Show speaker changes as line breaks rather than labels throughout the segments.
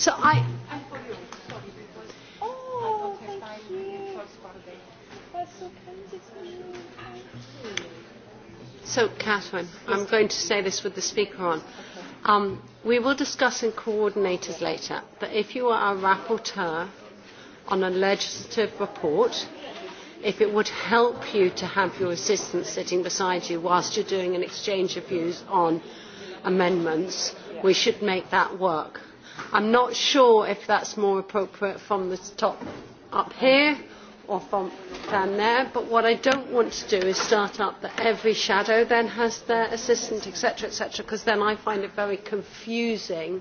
So I. Oh, thank you. So, Catherine, I'm going to say this with the speaker on. Um, we will discuss in coordinators later, but if you are a rapporteur on a legislative report, if it would help you to have your assistant sitting beside you whilst you're doing an exchange of views on amendments, we should make that work i am not sure if that is more appropriate from the top up here or from down there but what i do not want to do is start up that every shadow then has their assistant etc etc because then i find it very confusing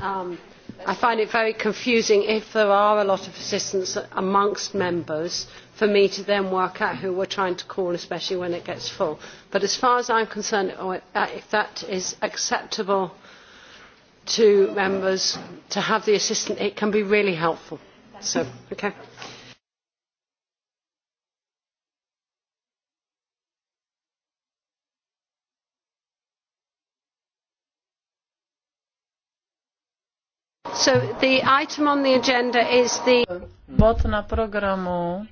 um, I find it very confusing if there are a lot of assistants amongst members for me to then work out who we are trying to call, especially when it gets full. But as far as i am concerned, oh, if that is acceptable to members to have the assistant it can be really helpful so okay So the item on the agenda is
the... Bod na programu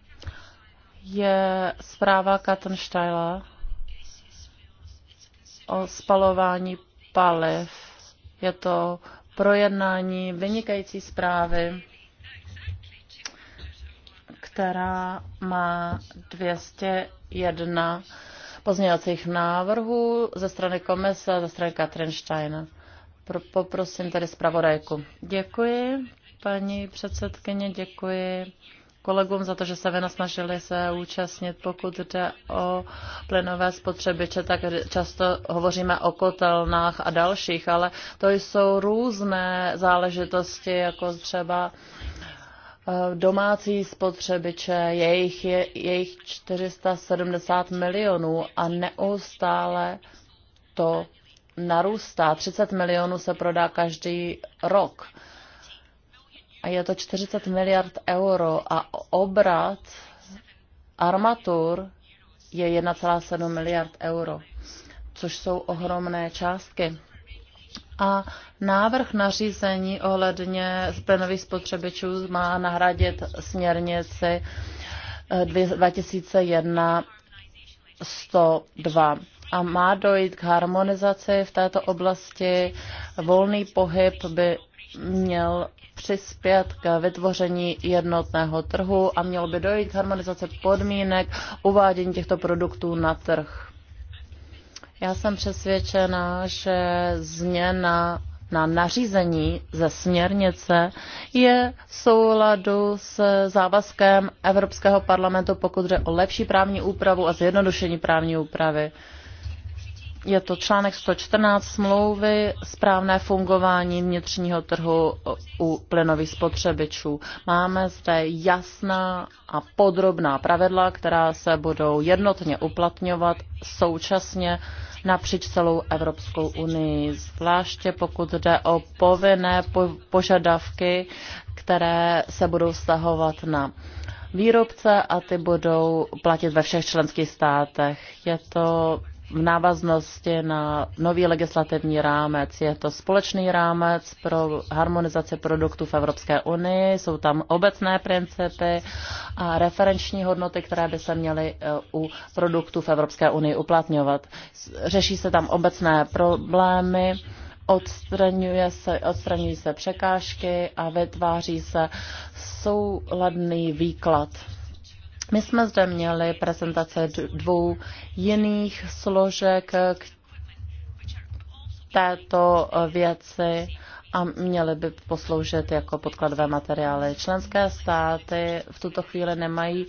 je zpráva Kattensteila o spalování paliv je to projednání vynikající zprávy, která má 201 pozměňovacích návrhů ze strany komise, ze strany Katrin pro Poprosím tedy zpravodajku. Děkuji, paní předsedkyně, děkuji kolegům za to, že se vynasnažili se účastnit. Pokud jde o plynové spotřebiče, tak často hovoříme o kotelnách a dalších, ale to jsou různé záležitosti, jako třeba eh, domácí spotřebiče, jejich, je, jejich 470 milionů a neustále to narůstá. 30 milionů se prodá každý rok je to 40 miliard euro a obrat armatur je 1,7 miliard euro, což jsou ohromné částky. A návrh nařízení ohledně plynových spotřebičů má nahradit směrnici 2001 eh, 102 a má dojít k harmonizaci v této oblasti. Volný pohyb by měl přispět k vytvoření jednotného trhu a mělo by dojít harmonizace podmínek uvádění těchto produktů na trh. Já jsem přesvědčena, že změna na nařízení ze směrnice je v souladu s závazkem Evropského parlamentu, pokud jde o lepší právní úpravu a zjednodušení právní úpravy. Je to článek 114 smlouvy správné fungování vnitřního trhu u plynových spotřebičů. Máme zde jasná a podrobná pravidla, která se budou jednotně uplatňovat současně napříč celou Evropskou unii, zvláště pokud jde o povinné požadavky, které se budou stahovat na výrobce a ty budou platit ve všech členských státech. Je to v návaznosti na nový legislativní rámec. Je to společný rámec pro harmonizaci produktů v Evropské unii, jsou tam obecné principy a referenční hodnoty, které by se měly e, u produktů v Evropské unii uplatňovat. Řeší se tam obecné problémy, odstraňuje se, odstraňují se překážky a vytváří se souladný výklad my jsme zde měli prezentace dvou jiných složek k této eh, věci a měly by posloužit jako podkladové materiály. Členské státy v tuto chvíli nemají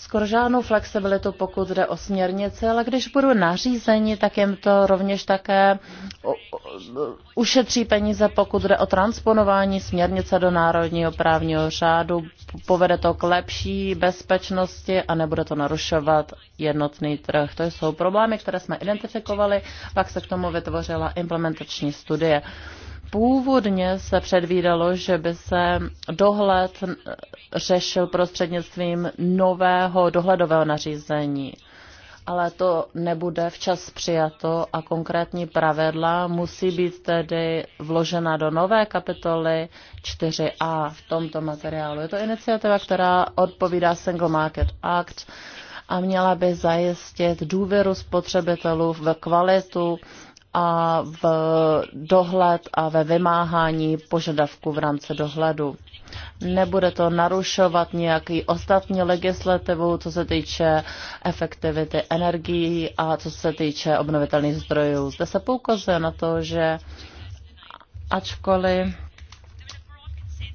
skoro žádnou flexibilitu, pokud jde o směrnice, ale když budou nařízení, tak jim to rovněž také ušetří peníze, pokud jde o transponování směrnice do národního právního řádu. Povede to k lepší bezpečnosti a nebude to narušovat jednotný trh. To jsou problémy, které jsme identifikovali, pak se k tomu vytvořila implementační studie. Původně se předvídalo, že by se dohled řešil prostřednictvím nového dohledového nařízení, ale to nebude včas přijato a konkrétní pravidla musí být tedy vložena do nové kapitoly 4a v tomto materiálu. Je to iniciativa, která odpovídá Single Market Act a měla by zajistit důvěru spotřebitelů v kvalitu a v dohled a ve vymáhání požadavku v rámci dohledu. Nebude to narušovat nějaký ostatní legislativu, co se týče efektivity energií a co se týče obnovitelných zdrojů. Zde se poukazuje na to, že ačkoliv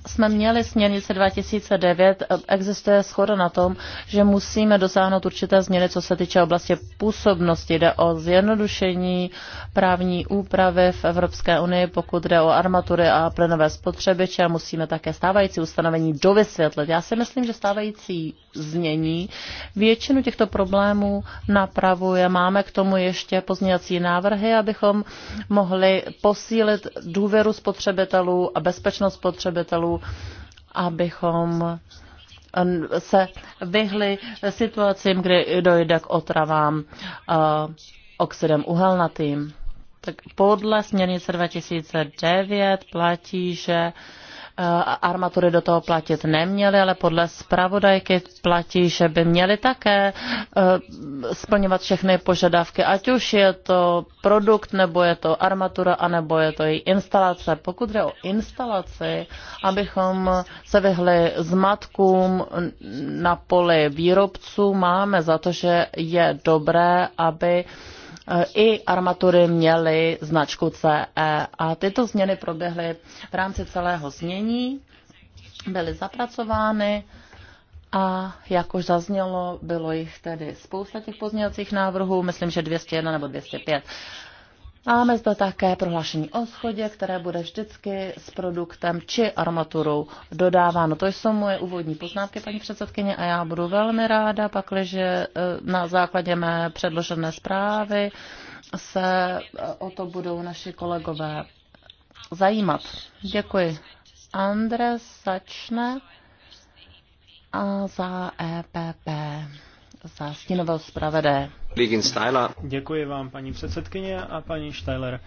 jsme měli směrnice 2009, eh, existuje schoda na tom, že musíme dosáhnout určité změny, co se týče oblasti působnosti. Jde o zjednodušení právní úpravy v Evropské unii, pokud jde o armatury a plynové spotřebiče. Musíme také stávající ustanovení dovysvětlit. Já si myslím, že stávající znění. Většinu těchto problémů napravuje. Máme k tomu ještě pozměňovací návrhy, abychom mohli posílit důvěru spotřebitelů a bezpečnost spotřebitelů, abychom eh, se vyhli situacím, kdy dojde k otravám eh, oxidem uhelnatým. Tak podle směrnice 2009 platí, že Eh, armatury do toho platit neměly, ale podle zpravodajky platí, že by měly také eh, splňovat všechny požadavky, ať už je to produkt, nebo je to armatura, anebo je to její instalace. Pokud jde o instalaci, abychom se vyhli zmatkům na poli výrobců, máme za to, že je dobré, aby uh, i armatury měly značku CE a tyto změny proběhly v rámci celého změní, byly zapracovány a jak už zaznělo, bylo jich tedy spousta těch pozměňovacích návrhů, myslím, že 201 nebo 205. Máme zde také prohlášení o schodě, které bude vždycky s produktem či armaturou dodáváno. To jsou moje úvodní poznámky, paní předsedkyně, a já budu velmi ráda, pakliže eh, na základě mé předložené zprávy se eh, o to budou naši kolegové zajímat. Děkuji. Andres začne a za EPP za stínového
Děkuji vám, paní předsedkyně a paní Steiler.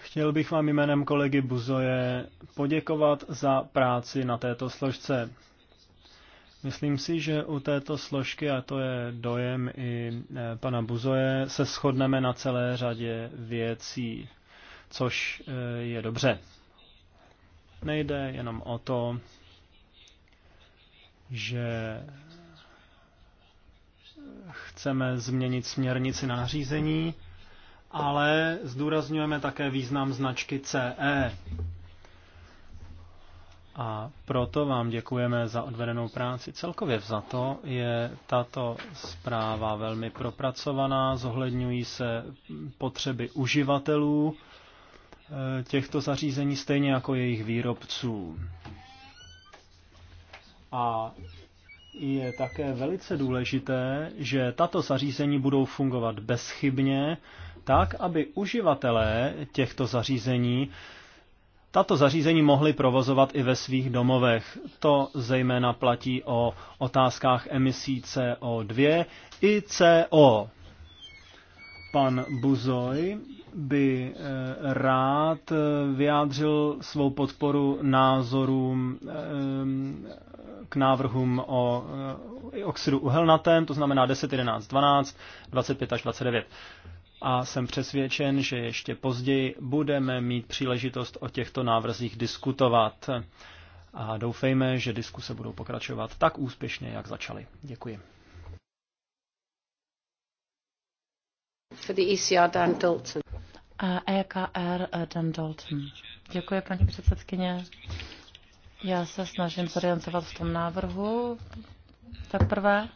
Chtěl bych vám jménem kolegy Buzoje poděkovat za práci na této složce. Myslím si, že u této složky, a to je dojem i e, pana Buzoje, se shodneme na celé řadě věcí, což e, je dobře. Nejde jenom o to, že chceme změnit směrnici na nařízení, ale zdůrazňujeme také význam značky CE. A proto vám děkujeme za odvedenou práci. Celkově vzato je tato zpráva velmi propracovaná, zohledňují se potřeby uživatelů e, těchto zařízení, stejně jako jejich výrobců. A je také velice důležité, že tato zařízení budou fungovat bezchybně, tak, aby uživatelé těchto zařízení tato zařízení mohly provozovat i ve svých domovech. To zejména platí o otázkách emisí CO2 i CO. Pan Buzoj by eh, rád eh, vyjádřil svou podporu názorům eh, k návrhům o oxidu uhelnatém, to znamená 10, 11, 12, 25 až 29 a jsem přesvědčen, že ještě později budeme mít příležitost o těchto návrzích diskutovat. A doufejme, že diskuse budou pokračovat tak úspěšně, jak začaly. Děkuji.
For the ECR, Dan Dalton.
EKR eh, Dan Dalton. Děkuji, paní předsedkyně. Já se snažím zorientovat v tom návrhu. Tak prvé,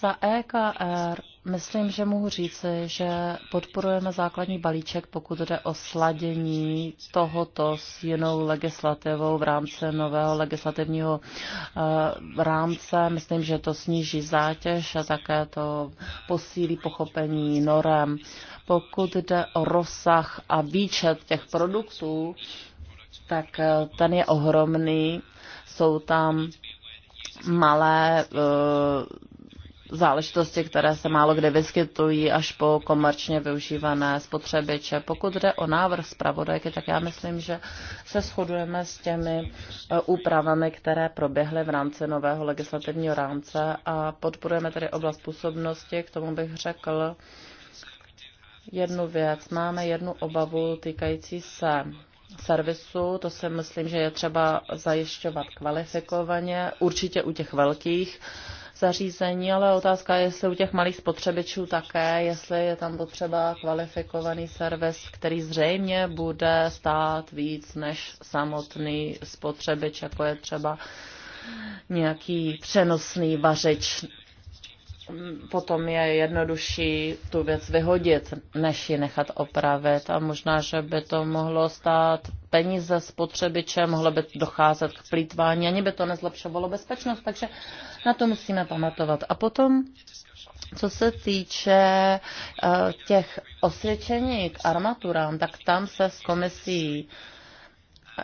za EKR Myslím, že mohu říct, že podporujeme základní balíček, pokud jde o sladění tohoto s jinou legislativou v rámci nového legislativního eh, rámce. Myslím, že to sníží zátěž a také to posílí pochopení norem. Pokud jde o rozsah a výčet těch produktů, tak eh, ten je ohromný. Jsou tam malé eh, záležitosti, které se málo kde vyskytují, až po komerčně využívané spotřebiče. Pokud jde o návrh zpravodajky, tak já myslím, že se shodujeme s těmi e, úpravami, které proběhly v rámci nového legislativního rámce a podporujeme tedy oblast působnosti. K tomu bych řekl jednu věc. Máme jednu obavu týkající se servisu, to si myslím, že je třeba zajišťovat kvalifikovaně, určitě u těch velkých zařízení, ale otázka je, jestli u těch malých spotřebičů také, jestli je tam potřeba kvalifikovaný servis, který zřejmě bude stát víc než samotný spotřebič, jako je třeba nějaký přenosný vařič potom je jednodušší tu věc vyhodit, než ji nechat opravit. A možná, že by to mohlo stát peníze spotřebiče, mohlo by docházet k plítvání, ani by to nezlepšovalo bezpečnost, takže na to musíme pamatovat. A potom co se týče eh, těch osvědčení k armaturám, tak tam se s komisí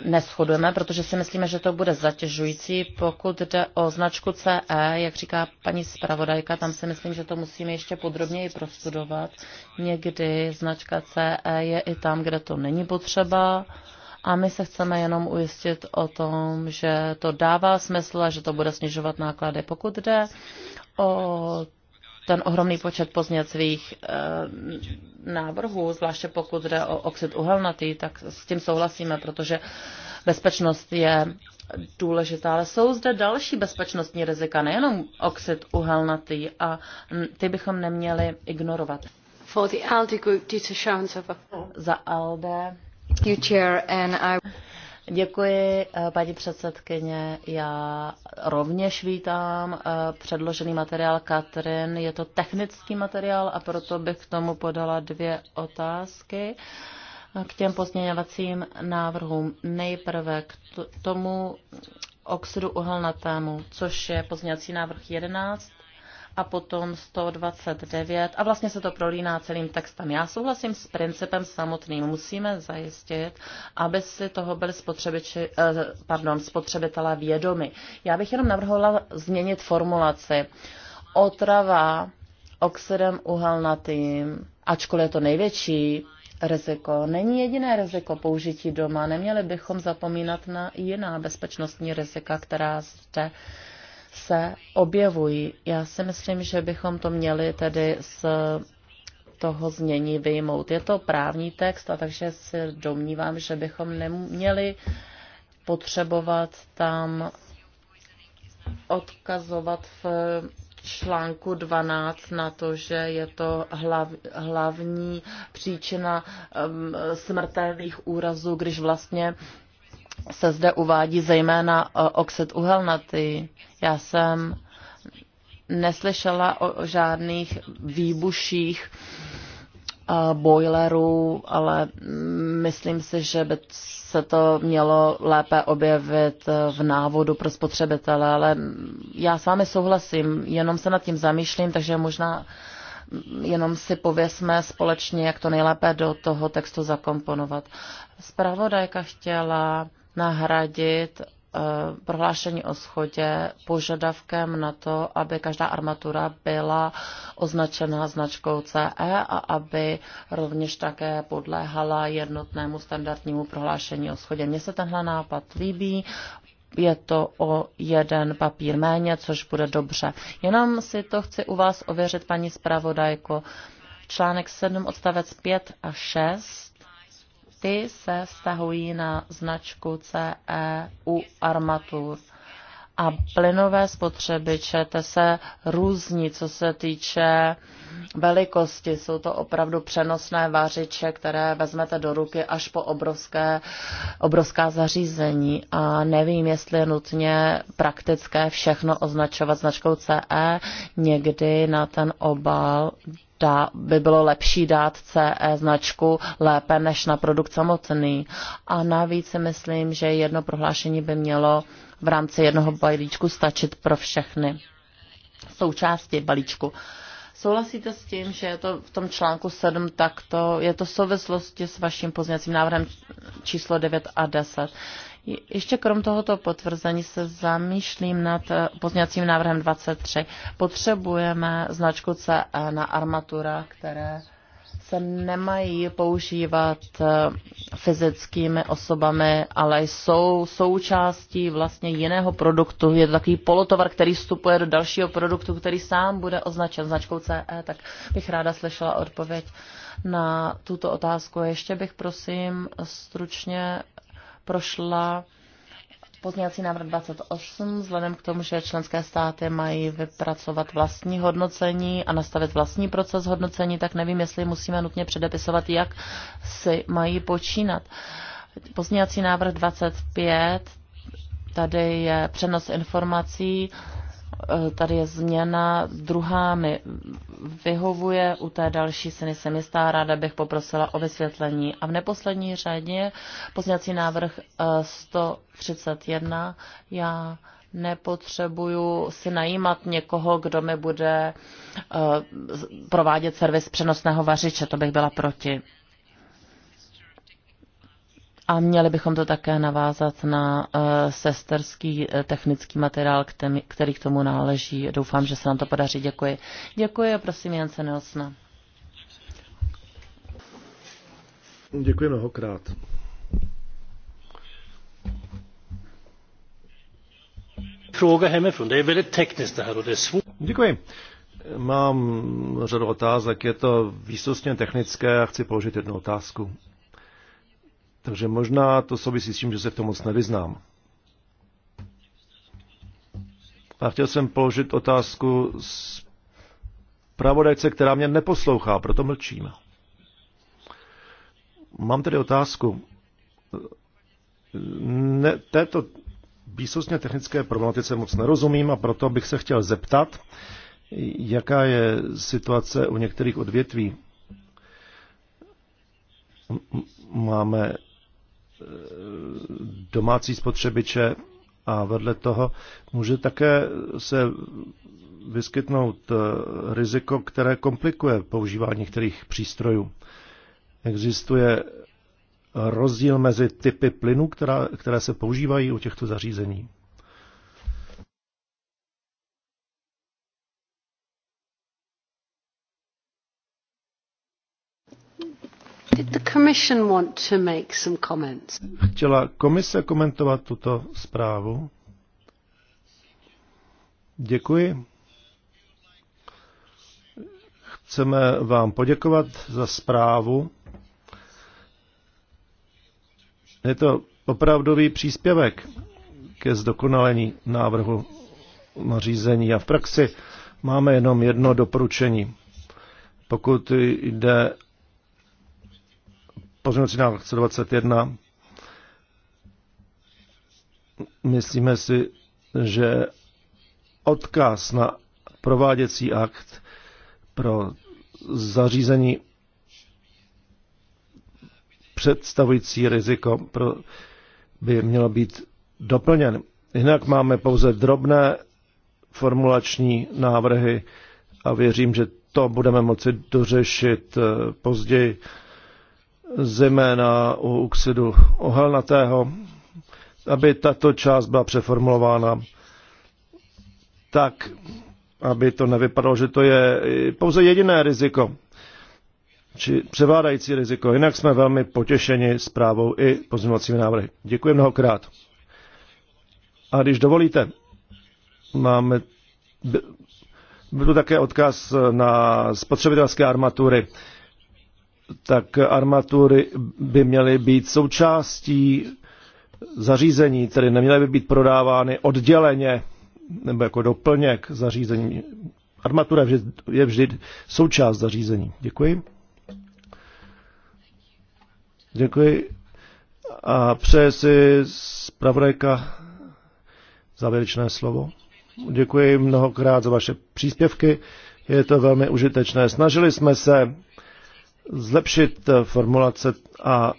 neschodujeme, protože si myslíme, že to bude zatěžující. Pokud jde o značku CE, jak říká paní zpravodajka, tam si myslím, že to musíme ještě podrobněji prostudovat. Někdy značka CE je i tam, kde to není potřeba. A my se chceme jenom ujistit o tom, že to dává smysl a že to bude snižovat náklady. Pokud jde o ten ohromný počet pozněcvých eh, návrhů, zvláště pokud jde o oxid uhelnatý, tak s tím souhlasíme, protože bezpečnost je důležitá, ale jsou zde další bezpečnostní rizika, nejenom oxid uhelnatý a ty bychom neměli ignorovat. For the ALDE group, Dieter Schoenhofer. Za ALDE. You chair and I... Děkuji, eh, paní předsedkyně. Já rovněž vítám eh, předložený materiál Katrin. Je to technický materiál a proto bych k tomu podala dvě otázky k těm pozměňovacím návrhům. Nejprve k tomu oxidu uhelnatému, což je pozměňovací návrh 11 a potom 129 a vlastně se to prolíná celým textem. Já souhlasím s principem samotným. Musíme zajistit, aby si toho byli spotřebiči, eh, pardon, spotřebitelé vědomi. Já bych jenom navrhovala změnit formulaci. Otrava oxidem uhelnatým, ačkoliv je to největší riziko, není jediné riziko použití doma. Neměli bychom zapomínat na jiná bezpečnostní rizika, která zde se objevují. Já si myslím, že bychom to měli tedy z toho znění vyjmout. Je to právní text, a takže si domnívám, že bychom neměli potřebovat tam odkazovat v článku 12 na to, že je to hlav, hlavní příčina um, smrtelných úrazů, když vlastně se zde uvádí zejména e, oxid uhelnatý. Já jsem neslyšela o žádných výbuších e, boilerů, ale myslím si, že by se to mělo lépe objevit v návodu pro spotřebitele, ale já s vámi souhlasím, jenom se nad tím zamýšlím, takže možná jenom si pověsme společně, jak to nejlépe do toho textu zakomponovat. Zpravodajka chtěla nahradit eh, prohlášení o schodě požadavkem na to, aby každá armatura byla označena značkou CE a aby rovněž také podléhala jednotnému standardnímu prohlášení o schodě. Mně se tenhle nápad líbí, je to o jeden papír méně, což bude dobře. Jenom si to chci u vás ověřit, paní zpravodajko. Článek 7, odstavec 5 a 6 ty se vztahují na značku CE u armatur. A plynové spotřebiče te se různí, co se týče velikosti. Jsou to opravdu přenosné vářiče, které vezmete do ruky až po obrovské, obrovská zařízení. A nevím, jestli je nutně praktické všechno označovat značkou CE. Někdy na ten obal dá, by bylo lepší dát CE značku lépe než na produkt samotný. A navíc si myslím, že jedno prohlášení by mělo v rámci jednoho balíčku stačit pro všechny součásti balíčku. Souhlasíte s tím, že je to v tom článku 7 takto, je to v souvislosti s vaším pozněcím návrhem číslo 9 a 10. Ještě krom tohoto potvrzení se zamýšlím nad eh, pozněcím návrhem 23. Potřebujeme značku C eh, na armatura, které se nemají používat eh, fyzickými osobami, ale jsou součástí vlastně jiného produktu. Je to takový polotovar, který vstupuje do dalšího produktu, který sám bude označen značkou CE, tak bych ráda slyšela odpověď na tuto otázku. Ještě bych prosím stručně prošla pozměňovací návrh 28, vzhledem k tomu, že členské státy mají vypracovat vlastní hodnocení a nastavit vlastní proces hodnocení, tak nevím, jestli musíme nutně předepisovat, jak si mají počínat. Pozměňovací návrh 25, tady je přenos informací Eh, tady je změna, druhá mi vyhovuje, u té další se nejsem jistá, ráda bych poprosila o vysvětlení. A v neposlední řadě pozněcí návrh 131, eh, já nepotřebuju si najímat někoho, kdo mi bude eh, provádět servis přenosného vařiče, to bych byla proti. A měli bychom to také navázat na uh, sesterský eh, technický materiál, který, který k tomu náleží. Doufám, že se nám to podaří. Děkuji. Děkuji a prosím Jance Nelsna.
Děkuji mnohokrát. Děkuji. Mám řadu otázek, je to výsostně technické a chci položit jednu otázku. Takže možná to souvisí s tím, že se v tom moc nevyznám. A chtěl jsem položit otázku z pravodajce, která mě neposlouchá, proto mlčím. Mám tedy otázku. Ne, této výsostně technické problematice moc nerozumím a proto bych se chtěl zeptat, jaká je situace u některých odvětví. Máme domácí spotřebiče a vedle toho může také se vyskytnout eh, riziko, které komplikuje používání některých přístrojů. Existuje rozdíl mezi typy plynů, která, které se používají u těchto zařízení. Chtěla komise komentovat tuto zprávu? Děkuji. Chceme vám poděkovat za zprávu. Je to opravdový příspěvek ke zdokonalení návrhu nařízení a v praxi máme jenom jedno doporučení. Pokud jde Pozměňovací návrh 121. Myslíme si, že odkaz na prováděcí akt pro zařízení představující riziko pro, by mělo být doplněn. Jinak máme pouze drobné formulační návrhy a věřím, že to budeme moci dořešit eh, později zejména u oxidu ohelnatého, aby tato část byla přeformulována tak, aby to nevypadalo, že to je pouze jediné riziko, či převládající riziko. Jinak jsme velmi potěšeni zprávou i pozměňovacími návrhy. Děkuji mnohokrát. A když dovolíte, máme byl také odkaz na spotřebitelské armatury tak armatury by měly být součástí zařízení, tedy neměly by být prodávány odděleně nebo jako doplněk zařízení. Armatura je vždy, je vždy součást zařízení. Děkuji. Děkuji. A přeje si zpravodajka závěrečné slovo. Děkuji mnohokrát za vaše příspěvky. Je to velmi užitečné. Snažili jsme se zlepšit eh, formulace a,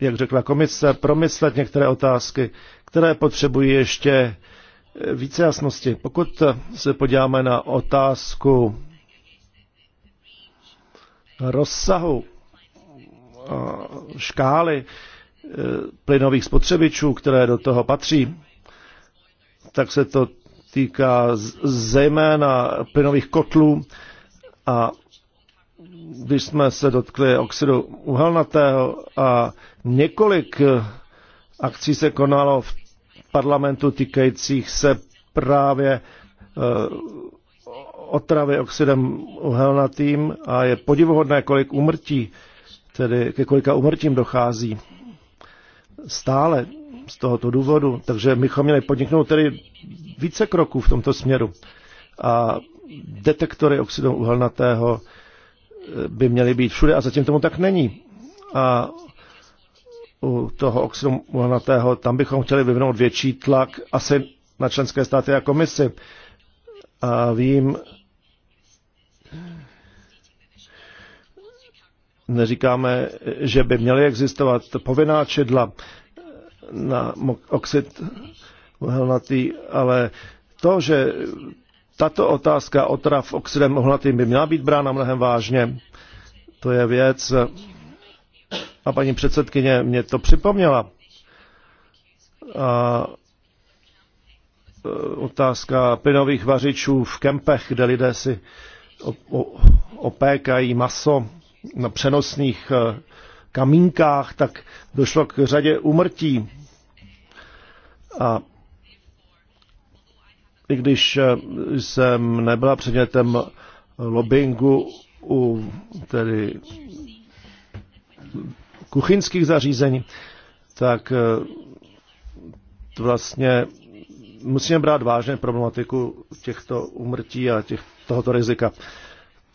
jak řekla komise, promyslet některé otázky, které potřebují ještě eh, více jasnosti. Pokud eh, se podíváme na otázku rozsahu škály plynových spotřebičů, které do toho patří, tak se to týká zejména plynových kotlů a když jsme se dotkli oxidu uhelnatého a několik eh, akcí se konalo v parlamentu týkajících se právě eh, otravy oxidem uhelnatým a je podivuhodné, kolik umrtí, tedy ke kolika umrtím dochází stále z tohoto důvodu. Takže bychom měli podniknout tedy více kroků v tomto směru. A detektory oxidu uhelnatého by měly být všude a zatím tomu tak není. A u toho oxidu uhelnatého, tam bychom chtěli vyvinout větší tlak asi na členské státy a komisi. A vím, neříkáme, že by měly existovat povinná čidla na oxid uhelnatý, ale to, že tato otázka otrav oxidem ohlatým by měla být brána mnohem vážně. To je věc, a paní předsedkyně mě to připomněla. A e, otázka plynových vařičů v kempech, kde lidé si opékají maso na přenosných e, kamínkách, tak došlo k řadě umrtí. A i když eh, jsem nebyla předmětem lobbyingu u tedy kuchyňských zařízení, tak eh, vlastně musíme brát vážně problematiku těchto umrtí a těch, tohoto rizika.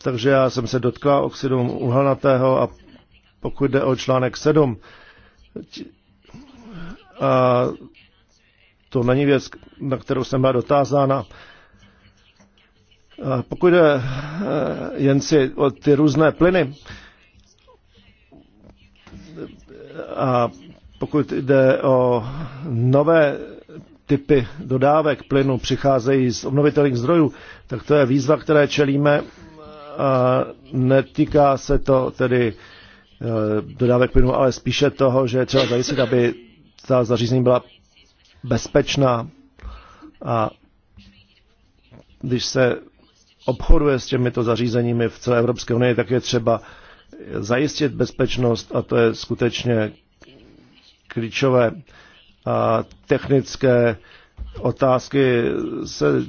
Takže já jsem se dotkla oxidu uhelnatého a pokud jde o článek 7, a to není věc, na kterou jsem byla dotázána. Pokud jde eh, jen si o ty různé plyny, a pokud jde o nové typy dodávek plynu přicházejí z obnovitelných zdrojů, tak to je výzva, které čelíme. A netýká se to tedy eh, dodávek plynu, ale spíše toho, že je třeba zajistit, aby ta zařízení byla bezpečná a když se obchoduje s těmito zařízeními v celé Evropské unii, tak je třeba zajistit bezpečnost a to je skutečně klíčové. A technické otázky se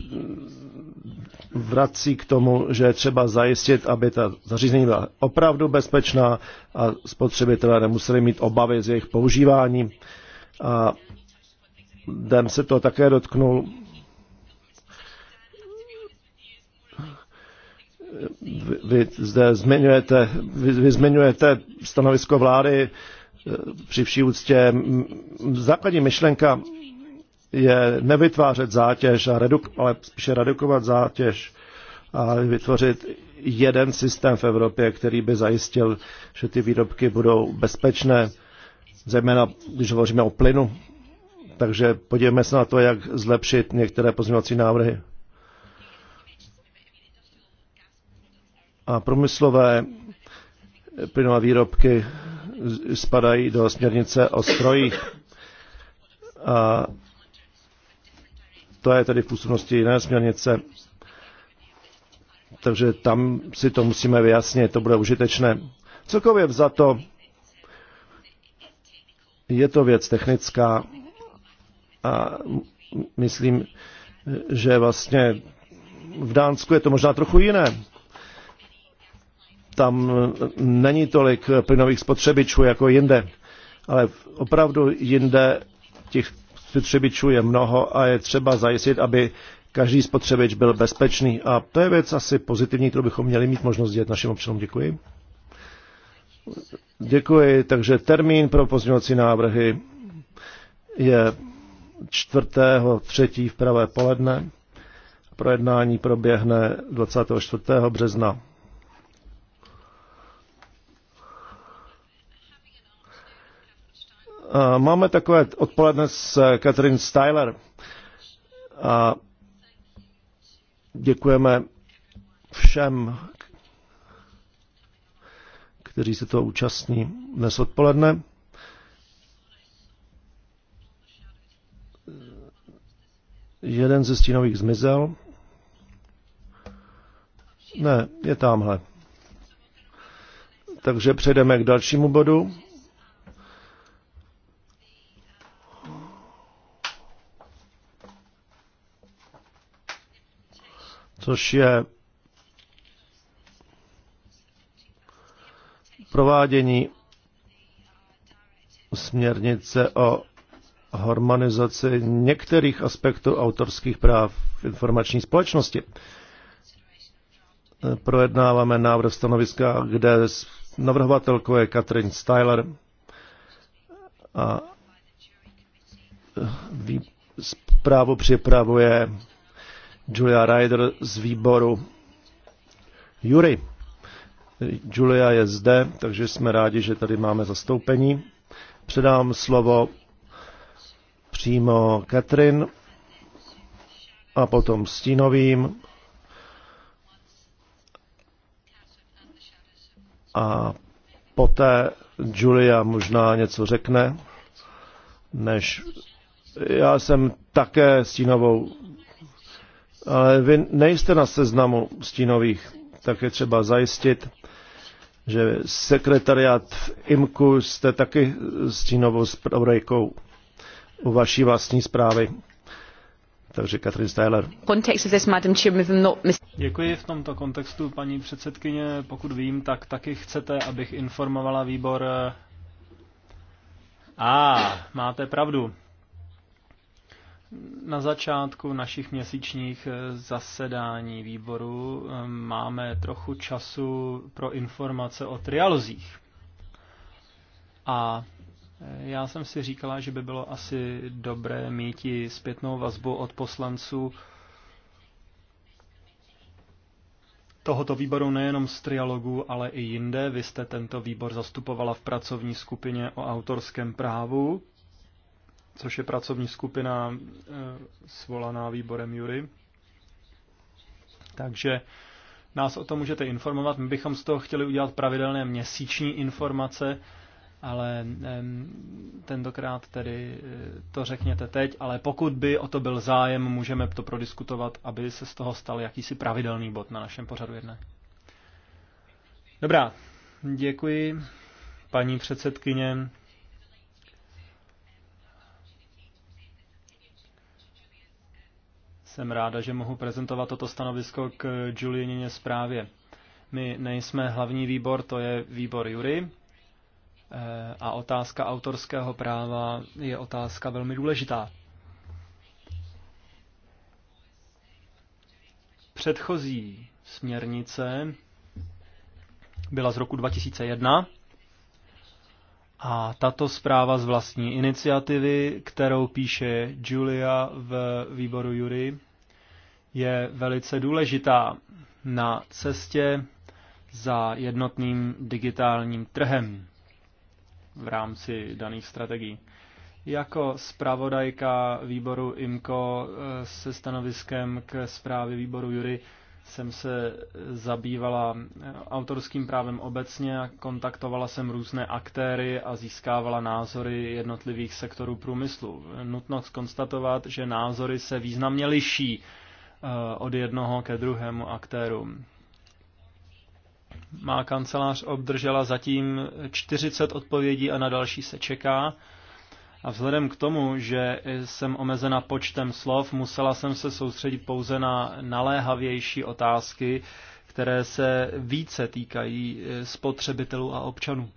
vrací k tomu, že je třeba zajistit, aby ta zařízení byla opravdu bezpečná a spotřebitelé nemuseli mít obavy z jejich používání. A Dem se to také dotknul. Vy, vy zde zmiňujete, vy, vy zmiňujete stanovisko vlády eh, při vší úctě. Základní myšlenka je nevytvářet zátěž, a reduk, ale spíše redukovat zátěž a vytvořit jeden systém v Evropě, který by zajistil, že ty výrobky budou bezpečné, zejména když hovoříme o plynu, takže podívejme se na to, jak zlepšit některé pozměňovací návrhy. A průmyslové plynové výrobky spadají do směrnice o strojích. A to je tedy v působnosti jiné směrnice. Takže tam si to musíme vyjasnit, to bude užitečné. Celkově za to je to věc technická, a myslím, že vlastně v Dánsku je to možná trochu jiné. Tam není tolik plynových spotřebičů jako jinde, ale opravdu jinde těch spotřebičů je mnoho a je třeba zajistit, aby každý spotřebič byl bezpečný. A to je věc asi pozitivní, kterou bychom měli mít možnost dělat našim občanům. Děkuji. Děkuji. Takže termín pro pozměňovací návrhy je 4.3. v pravé poledne. Projednání proběhne 24. března. Máme takové odpoledne s Catherine Styler a děkujeme všem, kteří se toho účastní dnes odpoledne. Jeden ze stínových zmizel. Ne, je tamhle. Takže přejdeme k dalšímu bodu. Což je provádění směrnice o harmonizaci některých aspektů autorských práv v informační společnosti. Projednáváme návrh stanoviska, kde navrhovatelkou je Katrin Styler a zprávu připravuje Julia Ryder z výboru Jury. Julia je zde, takže jsme rádi, že tady máme zastoupení. Předám slovo přímo Katrin a potom Stínovým a poté Julia možná něco řekne, než já jsem také stínovou, ale vy nejste na seznamu stínových, tak je třeba zajistit, že sekretariat v IMKU jste taky stínovou s zpravodajkou u vaší vlastní zprávy. Takže Katrin Steyler.
Děkuji v tomto kontextu, paní předsedkyně. Pokud vím, tak taky chcete, abych informovala výbor. Eh, A, ah, máte pravdu. Na začátku našich měsíčních eh, zasedání výboru eh, máme trochu času pro informace o trialozích. A já jsem si říkala, že by bylo asi dobré mít i zpětnou vazbu od poslanců tohoto výboru nejenom z trialogu, ale i jinde. Vy jste tento výbor zastupovala v pracovní skupině o autorském právu, což je pracovní skupina e, svolaná výborem Jury. Takže nás o tom můžete informovat. My bychom z toho chtěli udělat pravidelné měsíční informace, ale tentokrát tedy eh, to řekněte teď, ale pokud by o to byl zájem, můžeme to prodiskutovat, aby se z toho stal jakýsi pravidelný bod na našem pořadu jedné. Dobrá, děkuji paní předsedkyně. Jsem ráda, že mohu prezentovat toto stanovisko k Julianině zprávě. My nejsme hlavní výbor, to je výbor Jury, Eh, a otázka autorského práva je otázka velmi důležitá. Předchozí směrnice byla z roku 2001 a tato zpráva z vlastní iniciativy, kterou píše Julia v výboru Jury, je velice důležitá na cestě za jednotným digitálním trhem v rámci daných strategií. Jako zpravodajka výboru IMCO eh, se stanoviskem k zprávě výboru Jury jsem se zabývala eh, autorským právem obecně a kontaktovala jsem různé aktéry a získávala názory jednotlivých sektorů průmyslu. Nutno konstatovat, že názory se významně liší eh, od jednoho ke druhému aktéru. Má kancelář obdržela zatím 40 odpovědí a na další se čeká. A vzhledem k tomu, že jsem omezena počtem slov, musela jsem se soustředit pouze na naléhavější otázky, které se více týkají eh, spotřebitelů a občanů.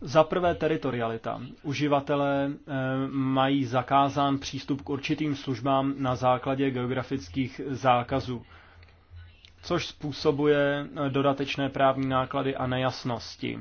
Za prvé teritorialita. Uživatelé eh, mají zakázán přístup k určitým službám na základě geografických zákazů což způsobuje eh, dodatečné právní náklady a nejasnosti.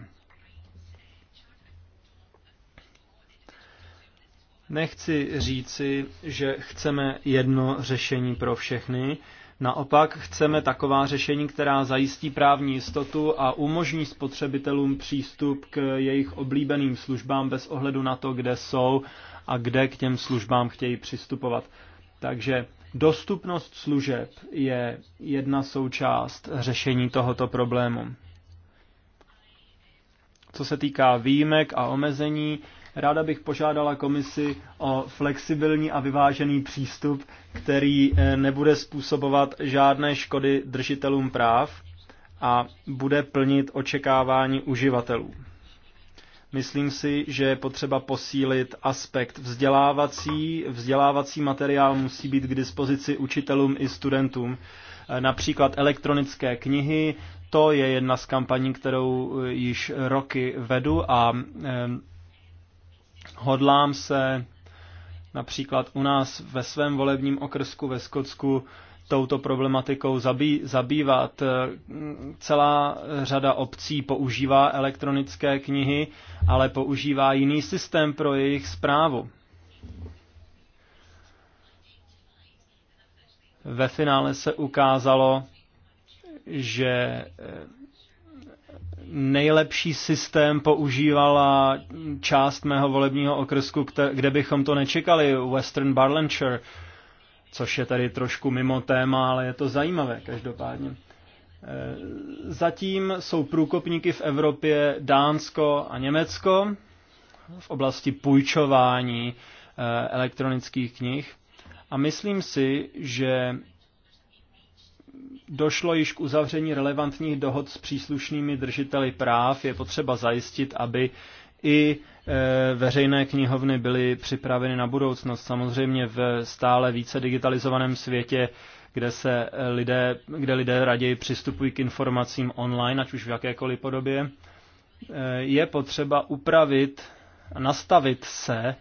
Nechci říci, že chceme jedno řešení pro všechny, naopak chceme taková řešení, která zajistí právní jistotu a umožní spotřebitelům přístup k jejich oblíbeným službám bez ohledu na to, kde jsou a kde k těm službám chtějí přistupovat. Takže Dostupnost služeb je jedna součást řešení tohoto problému. Co se týká výjimek a omezení, ráda bych požádala komisi o flexibilní a vyvážený přístup, který eh, nebude způsobovat žádné škody držitelům práv a bude plnit očekávání uživatelů. Myslím si, že je potřeba posílit aspekt vzdělávací. Vzdělávací materiál musí být k dispozici učitelům i studentům. Eh, například elektronické knihy, to je jedna z kampaní, kterou eh, již roky vedu a eh, hodlám se například u nás ve svém volebním okrsku ve Skotsku touto problematikou zabý, zabývat. E, celá řada obcí používá elektronické knihy, ale používá jiný systém pro jejich zprávu. Ve finále se ukázalo, že e, nejlepší systém používala část mého volebního okrsku, kde bychom to nečekali, Western Barlandshire což je tady trošku mimo téma, ale je to zajímavé každopádně. E, zatím jsou průkopníky v Evropě Dánsko a Německo v oblasti půjčování e, elektronických knih. A myslím si, že došlo již k uzavření relevantních dohod s příslušnými držiteli práv. Je potřeba zajistit, aby i e, veřejné knihovny byly připraveny na budoucnost. Samozřejmě v stále více digitalizovaném světě, kde, se e, lidé, kde lidé raději přistupují k informacím online, ať už v jakékoliv podobě, e, je potřeba upravit, nastavit se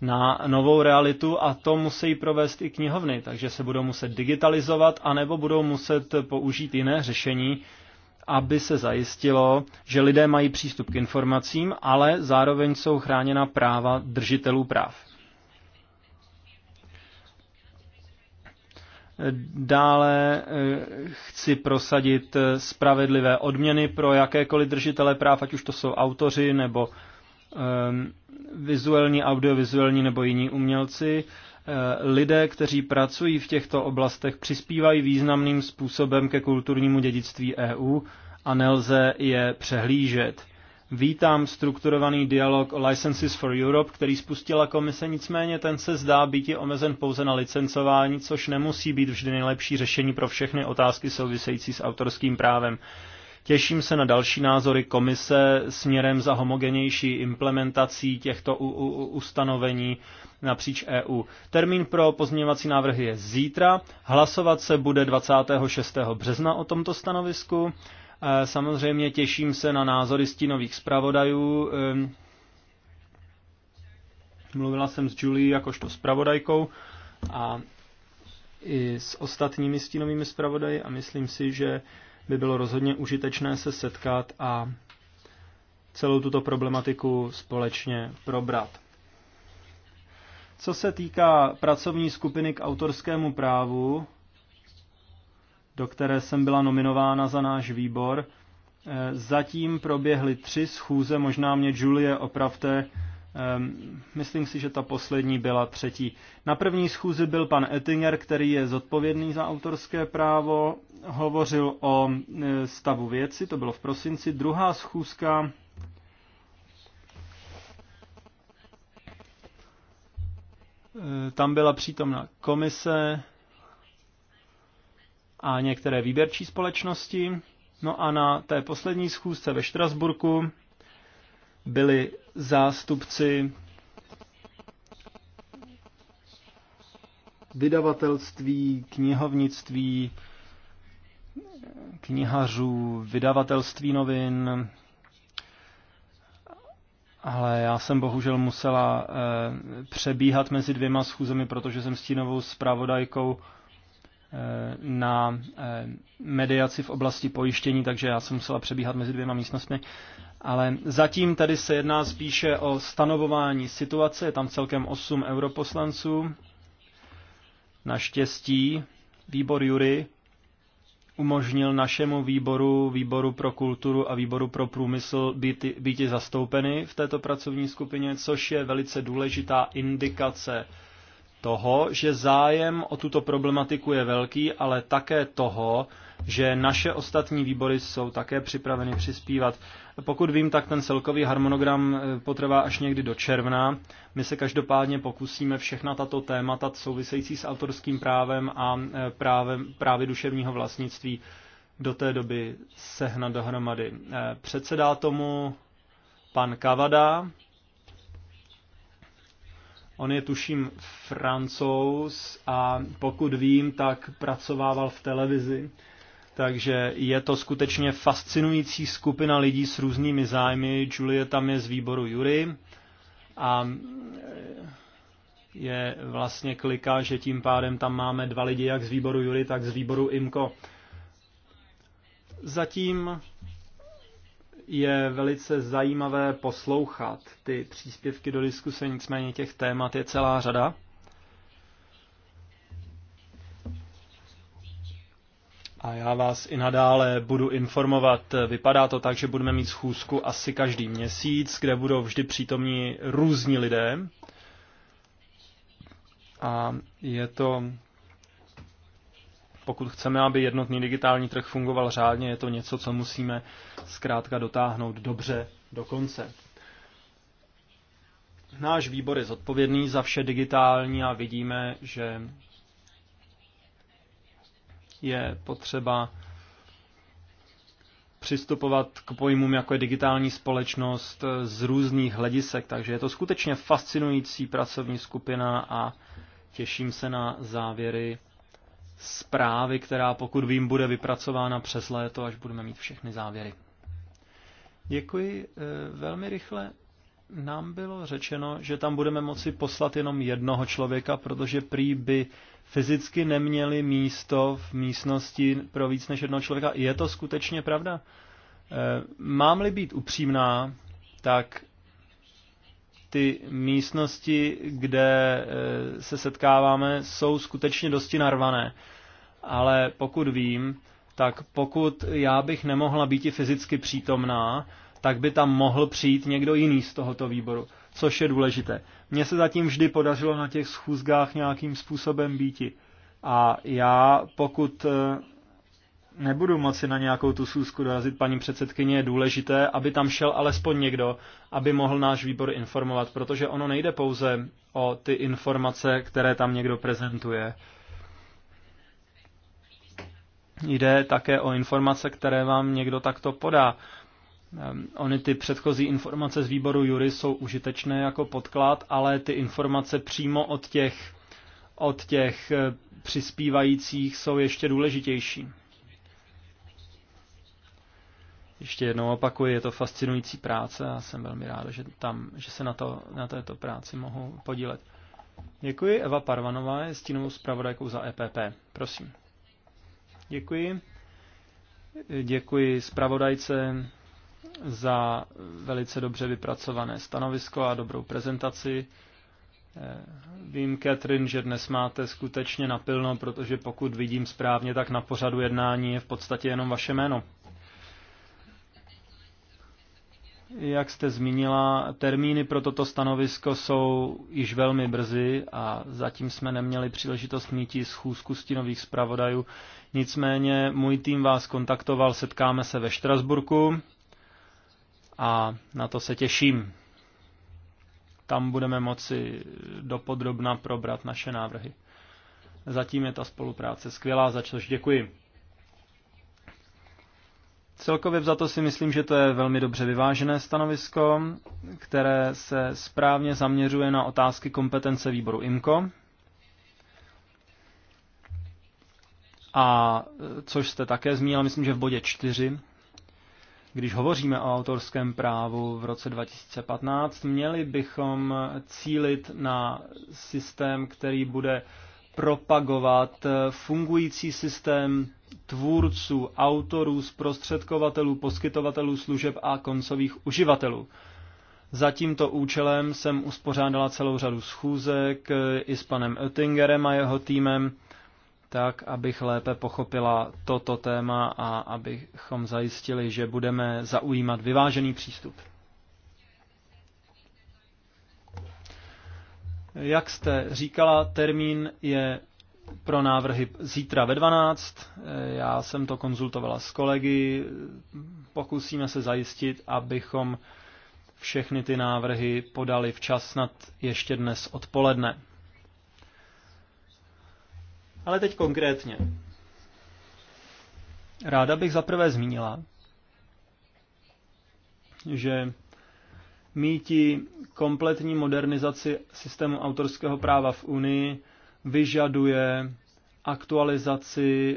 na novou realitu a to musí provést i knihovny, takže se budou muset digitalizovat anebo budou muset použít jiné řešení, aby se zajistilo, že lidé mají přístup k informacím, ale zároveň jsou chráněna práva držitelů práv. Dále eh, chci prosadit eh, spravedlivé odměny pro jakékoliv držitele práv, ať už to jsou autoři nebo ehm, vizuální, audiovizuální nebo jiní umělci. Eh, lidé, kteří pracují v těchto oblastech, přispívají významným způsobem ke kulturnímu dědictví EU a nelze je přehlížet. Vítám strukturovaný dialog o Licenses for Europe, který spustila komise, nicméně ten se zdá být je omezen pouze na licencování, což nemusí být vždy nejlepší řešení pro všechny otázky související s autorským právem. Těším se na další názory komise směrem za homogenější implementací těchto ustanovení napříč EU. Termín pro pozměňovací návrhy je zítra. Hlasovat se bude 26. března o tomto stanovisku. E, samozřejmě těším se na názory stínových zpravodajů. E, mluvila jsem s Julie jakožto zpravodajkou a i s ostatními stínovými zpravodaji a myslím si, že by bylo rozhodně užitečné se setkat a celou tuto problematiku společně probrat. Co se týká pracovní skupiny k autorskému právu, do které jsem byla nominována za náš výbor, eh, zatím proběhly tři schůze, možná mě Julie opravte, Ehm, myslím si, že ta poslední byla třetí. Na první schůzi byl pan Ettinger, který je zodpovědný za autorské právo, hovořil o e, stavu věci, to bylo v prosinci. Druhá schůzka e, tam byla přítomna komise a některé výběrčí společnosti. No a na té poslední schůzce ve Štrasburku byli zástupci vydavatelství, knihovnictví, knihařů, vydavatelství novin, ale já jsem bohužel musela eh, přebíhat mezi dvěma schůzemi, protože jsem stínovou zpravodajkou eh, na eh, mediaci v oblasti pojištění, takže já jsem musela přebíhat mezi dvěma místnostmi ale zatím tady se jedná spíše o stanovování situace, je tam celkem 8 europoslanců. Naštěstí výbor Jury umožnil našemu výboru, výboru pro kulturu a výboru pro průmysl být, být zastoupeny v této pracovní skupině, což je velice důležitá indikace toho, že zájem o tuto problematiku je velký, ale také toho, že naše ostatní výbory jsou také připraveny přispívat. Pokud vím, tak ten celkový harmonogram eh, potrvá až někdy do června. My se každopádně pokusíme všechna tato témata související s autorským právem a eh, právem, právě duševního vlastnictví do té doby sehnat dohromady. Eh, předsedá tomu pan Kavada, On je tuším francouz a pokud vím, tak pracovával v televizi. Takže je to skutečně fascinující skupina lidí s různými zájmy. Julie tam je z výboru Jury a eh, je vlastně klika, že tím pádem tam máme dva lidi jak z výboru Jury, tak z výboru IMKO. Zatím je velice zajímavé poslouchat ty příspěvky do diskuse, nicméně těch témat je celá řada. A já vás i nadále budu informovat. Vypadá to tak, že budeme mít schůzku asi každý měsíc, kde budou vždy přítomní různí lidé. A je to pokud chceme, aby jednotný digitální trh fungoval řádně, je to něco, co musíme zkrátka dotáhnout dobře do konce. Náš výbor je zodpovědný za vše digitální a vidíme, že je potřeba přistupovat k pojmům, jako je digitální společnost, z různých hledisek. Takže je to skutečně fascinující pracovní skupina a těším se na závěry zprávy, která pokud vím, bude vypracována přes léto, až budeme mít všechny závěry. Děkuji. Eh, velmi rychle nám bylo řečeno, že tam budeme moci poslat jenom jednoho člověka, protože prý by fyzicky neměli místo v místnosti pro víc než jednoho člověka. Je to skutečně pravda? Eh, mám-li být upřímná, tak ty místnosti, kde eh, se setkáváme, jsou skutečně dosti narvané. Ale pokud vím, tak pokud já bych nemohla být i fyzicky přítomná, tak by tam mohl přijít někdo jiný z tohoto výboru, což je důležité. Mně se zatím vždy podařilo na těch schůzkách nějakým způsobem býti. A já, pokud eh, nebudu moci na nějakou tu sůzku dorazit, paní předsedkyně, je důležité, aby tam šel alespoň někdo, aby mohl náš výbor informovat, protože ono nejde pouze o ty informace, které tam někdo prezentuje. Jde také o informace, které vám někdo takto podá. Ehm, ony ty předchozí informace z výboru jury jsou užitečné jako podklad, ale ty informace přímo od těch, od těch eh, přispívajících jsou ještě důležitější. Ještě jednou opakuji, je to fascinující práce a jsem velmi rád, že, tam, že se na, to, na této práci mohu podílet. Děkuji. Eva Parvanová je stínovou zpravodajkou za EPP. Prosím. Děkuji. Děkuji zpravodajce za velice dobře vypracované stanovisko a dobrou prezentaci. Vím, Katrin, že dnes máte skutečně napilno, protože pokud vidím správně, tak na pořadu jednání je v podstatě jenom vaše jméno. Jak jste zmínila, termíny pro toto stanovisko jsou již velmi brzy a zatím jsme neměli příležitost mít schůzku stínových zpravodajů. Nicméně můj tým vás kontaktoval, setkáme se ve Štrasburku a na to se těším. Tam budeme moci dopodrobna probrat naše návrhy. Zatím je ta spolupráce skvělá, za což děkuji. Celkově to si myslím, že to je velmi dobře vyvážené stanovisko, které se správně zaměřuje na otázky kompetence výboru IMCO. A e, což jste také zmínil, myslím, že v bodě 4, když hovoříme o autorském právu v roce 2015, měli bychom cílit na systém, který bude propagovat eh, fungující systém tvůrců, autorů, zprostředkovatelů, poskytovatelů služeb a koncových uživatelů. Za tímto účelem jsem uspořádala celou řadu schůzek eh, i s panem Oettingerem a jeho týmem, tak abych lépe pochopila toto téma a abychom zajistili, že budeme zaujímat vyvážený přístup. Jak jste říkala, termín je pro návrhy zítra ve 12. Já jsem to konzultovala s kolegy. Pokusíme se zajistit, abychom všechny ty návrhy podali včas snad ještě dnes odpoledne. Ale teď konkrétně. Ráda bych zaprvé zmínila, že míti kompletní modernizaci systému autorského práva v Unii vyžaduje aktualizaci e,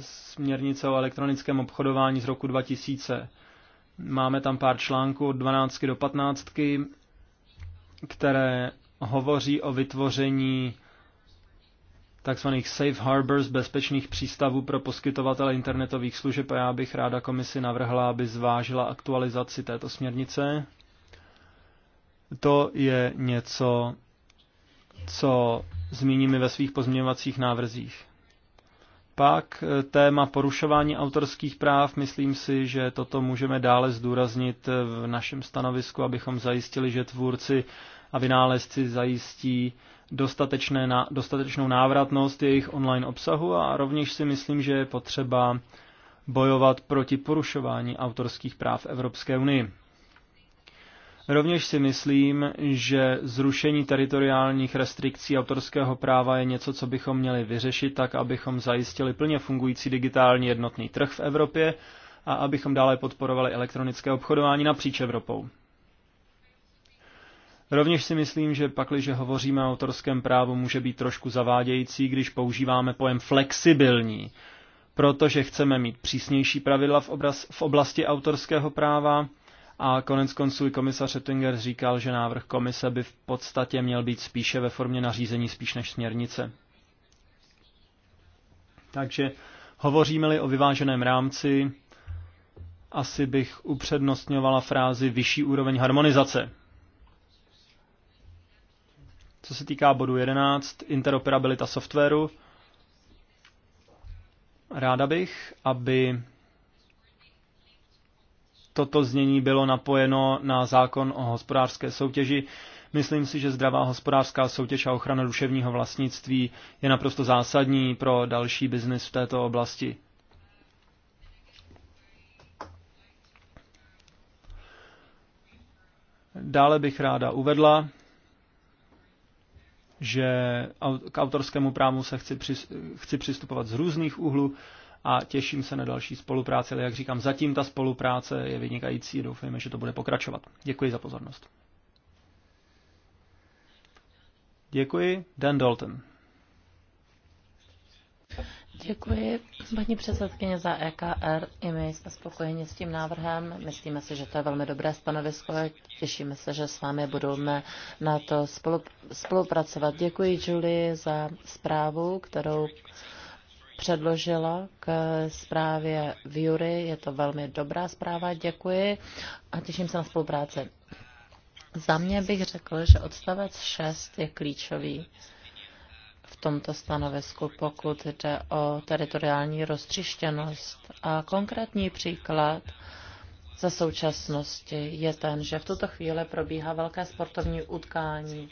směrnice o elektronickém obchodování z roku 2000. Máme tam pár článků od 12 do 15, které hovoří o vytvoření takzvaných safe harbors, bezpečných přístavů pro poskytovatele internetových služeb a já bych ráda komisi navrhla, aby zvážila aktualizaci této směrnice to je něco, co zmíníme ve svých pozměňovacích návrzích. Pak eh, téma porušování autorských práv, myslím si, že toto můžeme dále zdůraznit eh, v našem stanovisku, abychom zajistili, že tvůrci a vynálezci zajistí dostatečné, dostatečnou návratnost jejich online obsahu a rovněž si myslím, že je potřeba bojovat proti porušování autorských práv Evropské unii. Rovněž si myslím, že zrušení teritoriálních restrikcí autorského práva je něco, co bychom měli vyřešit tak, abychom zajistili plně fungující digitální jednotný trh v Evropě a abychom dále podporovali elektronické obchodování napříč Evropou. Rovněž si myslím, že pakliže hovoříme o autorském právu, může být trošku zavádějící, když používáme pojem flexibilní, protože chceme mít přísnější pravidla v, obraz, v oblasti autorského práva, a konec konců i komisař Ettinger říkal, že návrh komise by v podstatě měl být spíše ve formě nařízení spíš než směrnice. Takže hovoříme-li o vyváženém rámci, asi bych upřednostňovala frázi vyšší úroveň harmonizace. Co se týká bodu 11, interoperabilita softwaru, ráda bych, aby toto znění bylo napojeno na zákon o hospodářské soutěži. Myslím si, že zdravá hospodářská soutěž a ochrana duševního vlastnictví je naprosto zásadní pro další biznis v této oblasti. Dále bych ráda uvedla, že k autorskému právu se chci, při, chci přistupovat z různých úhlů a těším se na další spolupráci, ale jak říkám, zatím ta spolupráce je vynikající a doufejme, že to bude pokračovat. Děkuji za pozornost. Děkuji. Dan Dalton.
Děkuji, paní předsedkyně za EKR. I my jsme spokojeni s tím návrhem. Myslíme si, že to je velmi dobré stanovisko. Těšíme se, že s vámi budeme na to spolupracovat. Děkuji Julie za zprávu, kterou předložila k zprávě v Jury. Je to velmi dobrá zpráva, děkuji a těším se na spolupráci. Za mě bych řekl, že odstavec 6 je klíčový v tomto stanovisku, pokud jde o teritoriální roztřištěnost. A konkrétní příklad za současnosti je ten, že v tuto chvíli probíhá velké sportovní utkání,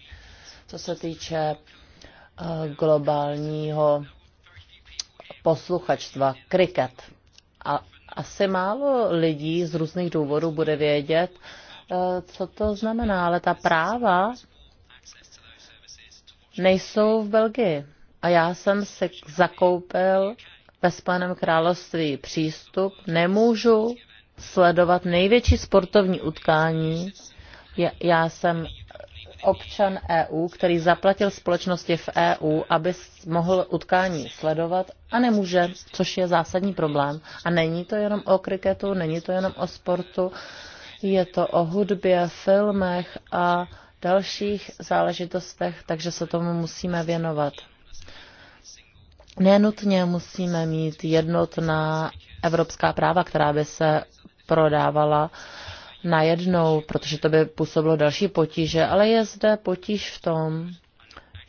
co se týče eh, globálního posluchačstva, kriket. A asi málo lidí z různých důvodů bude vědět, eh, co to znamená, ale ta práva nejsou v Belgii. A já jsem si zakoupil ve Spojeném království přístup, nemůžu sledovat největší sportovní utkání. Já jsem občan EU, který zaplatil společnosti v EU, aby mohl utkání sledovat a nemůže, což je zásadní problém. A není to jenom o kriketu, není to jenom o sportu, je to o hudbě, filmech a dalších záležitostech, takže se tomu musíme věnovat. Nenutně musíme mít jednotná evropská práva, která by se prodávala najednou, protože to by působilo další potíže, ale je zde potíž v tom,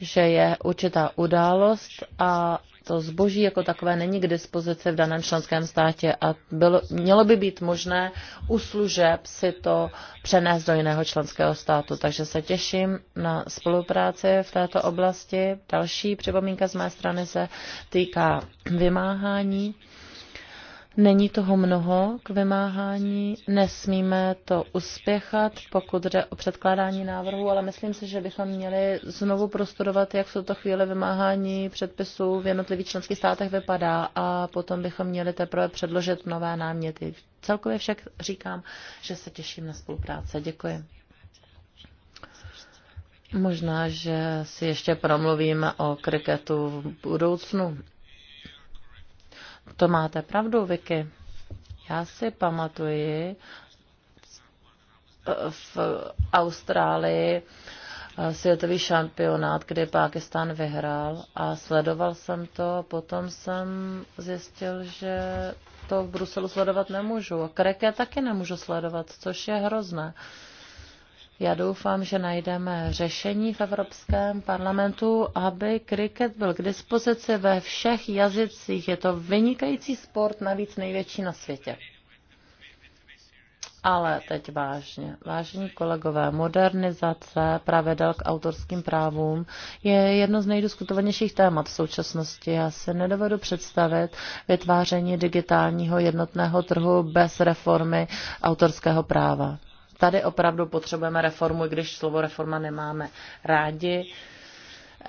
že je určitá událost a to zboží jako takové není k dispozici v daném členském státě a bylo, mělo by být možné u služeb si to přenést do jiného členského státu. Takže se těším na spolupráci v této oblasti. Další připomínka z mé strany se týká vymáhání. Není toho mnoho k vymáhání, nesmíme to uspěchat, pokud jde o předkládání návrhu, ale myslím si, že bychom měli znovu prostudovat, jak v tuto chvíli vymáhání předpisů v jednotlivých členských státech vypadá a potom bychom měli teprve předložit nové náměty. Celkově však říkám, že se těším na spolupráce. Děkuji. Možná, že si ještě promluvíme o kriketu v budoucnu. To máte pravdu, Vicky. Já si pamatuji eh, v Austrálii eh, světový šampionát, kdy Pákistán vyhrál a sledoval jsem to. Potom jsem zjistil, že to v Bruselu sledovat nemůžu. A kreke taky nemůžu sledovat, což je hrozné. Uh, já doufám, že najdeme řešení v Evropském parlamentu, aby kriket byl k dispozici ve všech jazycích. Je to vynikající sport, navíc největší na světě. Ale teď vážně. Vážení kolegové, modernizace pravidel k autorským právům je jedno z nejdiskutovanějších témat v současnosti. Já se nedovedu představit vytváření digitálního jednotného trhu bez reformy autorského práva. Tady opravdu potřebujeme reformu, i když slovo reforma nemáme rádi.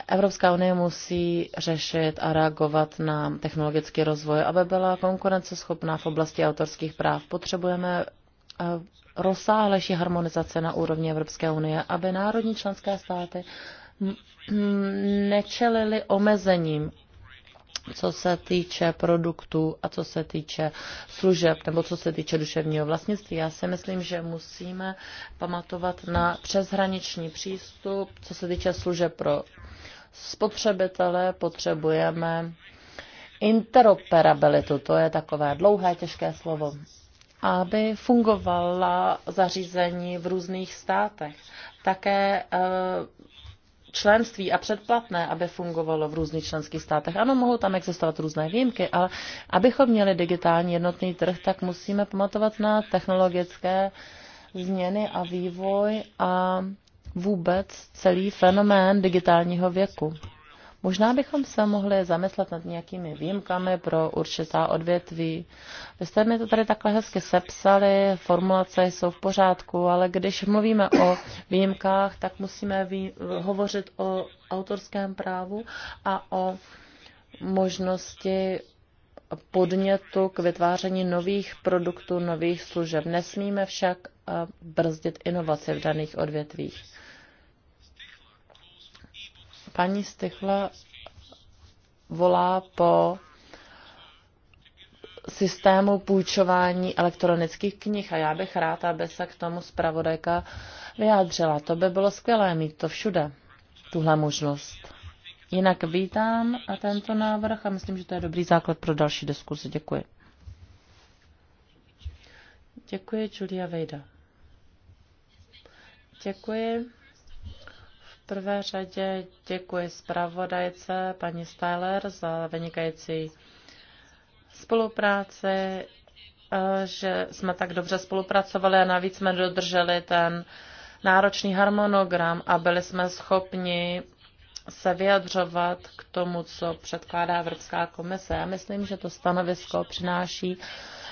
Evropská unie musí řešit a reagovat na technologický rozvoj, aby byla konkurenceschopná v oblasti autorských práv. Potřebujeme eh, rozsáhlejší harmonizace na úrovni Evropské unie, aby národní členské státy nečelili omezením co se týče produktů a co se týče služeb nebo co se týče duševního vlastnictví. Já si myslím, že musíme pamatovat na přeshraniční přístup, co se týče služeb pro spotřebitele, potřebujeme interoperabilitu, to je takové dlouhé, těžké slovo, aby fungovala zařízení v různých státech. Také eh, členství a předplatné, aby fungovalo v různých členských státech. Ano, mohou tam existovat různé výjimky, ale abychom měli digitální jednotný trh, tak musíme pamatovat na technologické změny a vývoj a vůbec celý fenomén digitálního věku. Možná bychom se mohli zamyslet nad nějakými výjimkami pro určitá odvětví. Vy jste mi to tady takhle hezky sepsali, formulace jsou v pořádku, ale když mluvíme o výjimkách, tak musíme vý... hovořit o autorském právu a o možnosti podnětu k vytváření nových produktů, nových služeb. Nesmíme však eh, brzdit inovace v daných odvětvích. Paní Stichle volá po systému půjčování elektronických knih a já bych rád, aby se k tomu zpravodajka vyjádřila. To by bylo skvělé mít to všude, tuhle možnost. Jinak vítám a tento návrh a myslím, že to je dobrý základ pro další diskuzi. Děkuji. Děkuji, Julia Vejda. Děkuji prvé řadě děkuji zpravodajce paní Styler za vynikající spolupráci, eh, že jsme tak dobře spolupracovali a navíc jsme dodrželi ten náročný harmonogram a byli jsme schopni se vyjadřovat k tomu, co předkládá Evropská komise. Já myslím, že to stanovisko přináší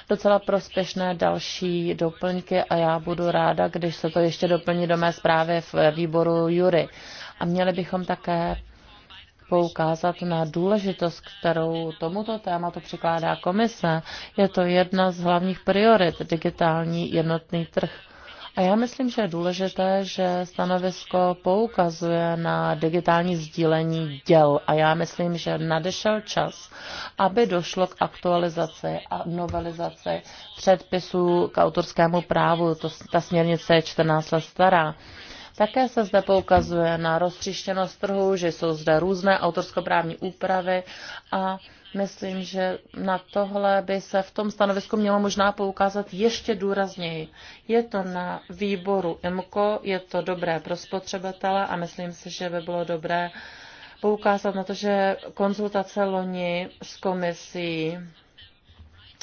docela prospěšné další doplňky a já budu ráda, když se to ještě doplní do mé zprávy v výboru Jury. A měli bychom také poukázat na důležitost, kterou tomuto tématu přikládá komise. Je to jedna z hlavních priorit digitální jednotný trh. A já myslím, že je důležité, že stanovisko poukazuje na digitální sdílení děl. A já myslím, že nadešel čas, aby došlo k aktualizaci a novelizaci předpisů k autorskému právu. To, ta směrnice je 14 let stará. Také se zde poukazuje na roztříštěnost trhu, že jsou zde různé autorskoprávní úpravy a Myslím, že na tohle by se v tom stanovisku mělo možná poukázat ještě důrazněji. Je to na výboru IMCO, je to dobré pro spotřebitele a myslím si, že by bylo dobré poukázat na to, že konzultace loni s komisí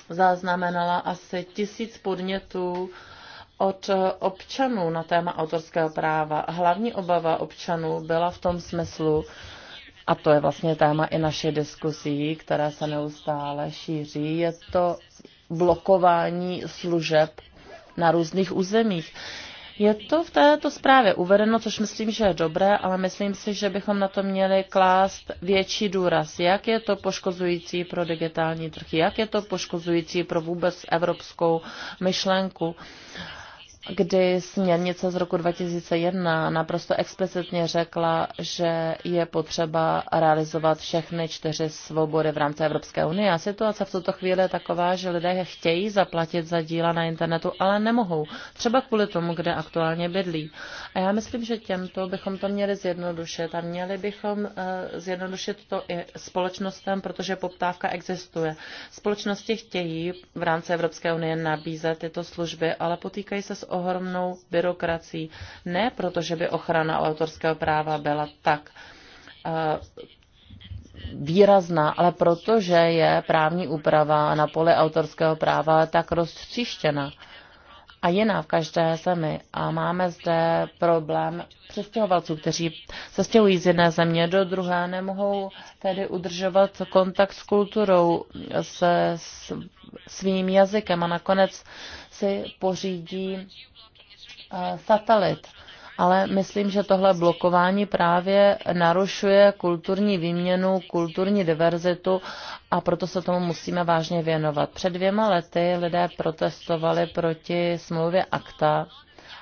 zaznamenala asi tisíc podnětů od občanů na téma autorského práva. Hlavní obava občanů byla v tom smyslu, a to je vlastně téma i naše diskusí, která se neustále šíří, je to blokování služeb na různých územích. Je to v této zprávě uvedeno, což myslím, že je dobré, ale myslím si, že bychom na to měli klást větší důraz. Jak je to poškozující pro digitální trh? Jak je to poškozující pro vůbec evropskou myšlenku? Uh, kdy směrnice z roku 2001 naprosto explicitně řekla, že je potřeba realizovat všechny čtyři svobody v rámci Evropské unie. A situace v tuto chvíli je taková, že lidé chtějí zaplatit za díla na internetu, ale nemohou. Třeba kvůli tomu, kde aktuálně bydlí. A já myslím, že těmto bychom to měli zjednodušit a měli bychom eh, zjednodušit to i společnostem, protože poptávka existuje. Společnosti chtějí v rámci Evropské unie nabízet tyto služby, ale potýkají se s ohromnou byrokracií. Ne proto, že by ochrana autorského práva byla tak eh, výrazná, ale protože je právní úprava na poli autorského práva tak roztříštěna a jiná v každé zemi. A máme zde problém přestěhovalců, kteří se stěhují z jedné země do druhé, nemohou tedy udržovat kontakt s kulturou, se s, svým jazykem a nakonec si pořídí eh, satelit ale myslím, že tohle blokování právě narušuje kulturní výměnu, kulturní diverzitu a proto se tomu musíme vážně věnovat. Před dvěma lety lidé protestovali proti smlouvě akta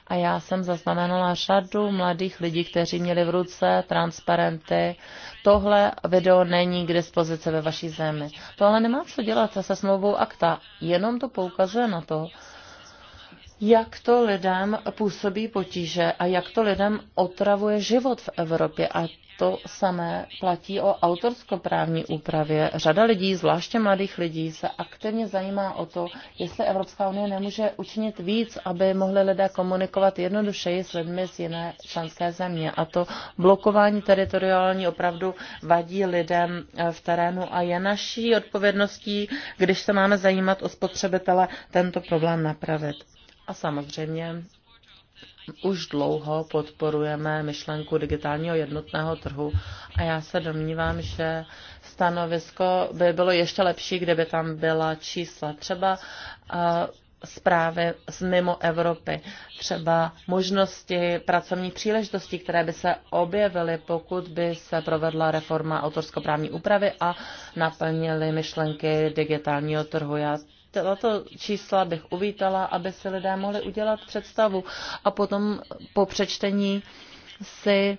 a já jsem zaznamenala řadu mladých lidí, kteří měli v ruce transparenty. Tohle video není k dispozici ve vaší zemi. To ale nemá co dělat se smlouvou akta, jenom to poukazuje na to, jak to lidem působí potíže a jak to lidem otravuje život v Evropě. A to samé platí o autorskoprávní úpravě. Řada lidí, zvláště mladých lidí, se aktivně zajímá o to, jestli Evropská unie nemůže učinit víc, aby mohli lidé komunikovat jednodušeji s lidmi z jiné členské země. A to blokování teritoriální opravdu vadí lidem eh, v terénu a je naší odpovědností, když se máme zajímat o spotřebitele, tento problém napravit. A samozřejmě už dlouho podporujeme myšlenku digitálního jednotného trhu a já se domnívám, že stanovisko by bylo ještě lepší, kdyby tam byla čísla. Třeba zprávy z mimo Evropy, třeba možnosti pracovních příležitostí, které by se objevily, pokud by se provedla reforma autorskoprávní úpravy a naplnily myšlenky digitálního trhu. Já tato čísla bych uvítala, aby si lidé mohli udělat představu a potom po přečtení si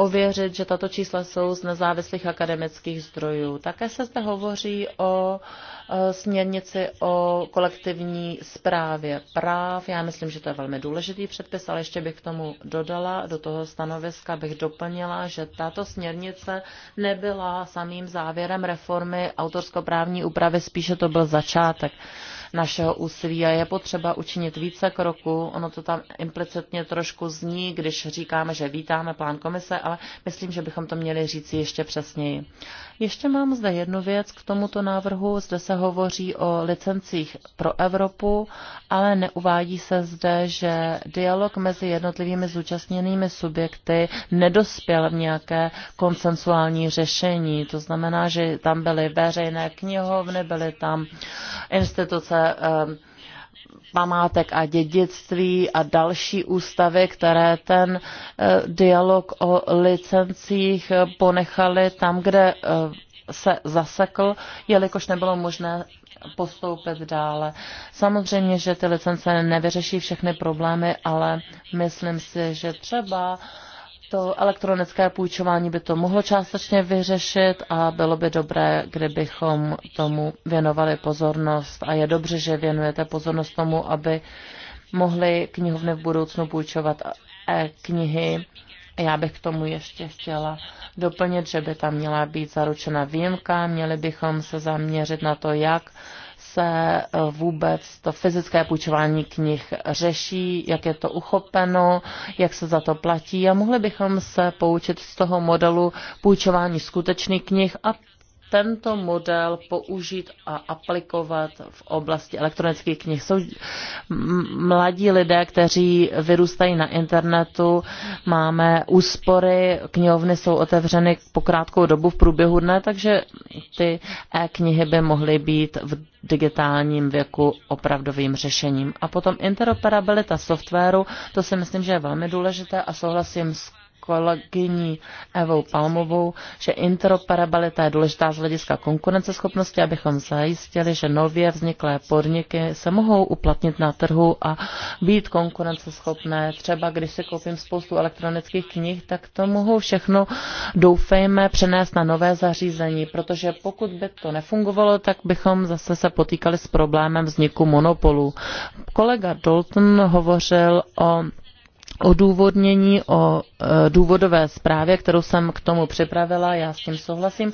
ověřit, že tato čísla jsou z nezávislých akademických zdrojů. Také se zde hovoří o e, směrnici o kolektivní zprávě práv. Já myslím, že to je velmi důležitý předpis, ale ještě bych k tomu dodala, do toho stanoviska bych doplnila, že tato směrnice nebyla samým závěrem reformy autorskoprávní úpravy, spíše to byl začátek našeho úsilí a je potřeba učinit více kroků. Ono to tam implicitně trošku zní, když říkáme, že vítáme plán komise, ale myslím, že bychom to měli říci ještě přesněji. Ještě mám zde jednu věc k tomuto návrhu. Zde se hovoří o licencích pro Evropu, ale neuvádí se zde, že dialog mezi jednotlivými zúčastněnými subjekty nedospěl v nějaké konsensuální řešení. To znamená, že tam byly veřejné knihovny, byly tam instituce Eh, eh, památek a dědictví a další ústavy, které ten eh, dialog o licencích ponechaly tam, kde se zasekl, jelikož nebylo možné postoupit dále. Samozřejmě, že ty licence nevyřeší všechny problémy, ale myslím si, že třeba uh, to elektronické půjčování by to mohlo částečně vyřešit a bylo by dobré, kdybychom tomu věnovali pozornost. A je dobře, že věnujete pozornost tomu, aby mohly knihovny v budoucnu půjčovat e-knihy. Já bych k tomu ještě chtěla doplnit, že by tam měla být zaručena výjimka. Měli bychom se zaměřit na to, jak se eh, vůbec to fyzické půjčování knih řeší, jak je to uchopeno, jak se za to platí a mohli bychom se poučit z toho modelu půjčování skutečných knih a tento model použít a aplikovat v oblasti elektronických knih. Jsou mladí lidé, kteří vyrůstají na internetu, máme úspory, knihovny jsou otevřeny po krátkou dobu v průběhu dne, takže ty e-knihy by mohly být v digitálním věku opravdovým řešením. A potom interoperabilita softwaru, to si myslím, že je velmi důležité a souhlasím s kolegyní Evou Palmovou, že interoperabilita je důležitá z hlediska konkurenceschopnosti, abychom zajistili, že nově vzniklé podniky se mohou uplatnit na trhu a být konkurenceschopné. Třeba když si koupím spoustu elektronických knih, tak to mohou všechno, doufejme, přenést na nové zařízení, protože pokud by to nefungovalo, tak bychom zase se potýkali s problémem vzniku monopolů. Kolega Dalton hovořil o odůvodnění o e, důvodové zprávě, kterou jsem k tomu připravila, já s tím souhlasím.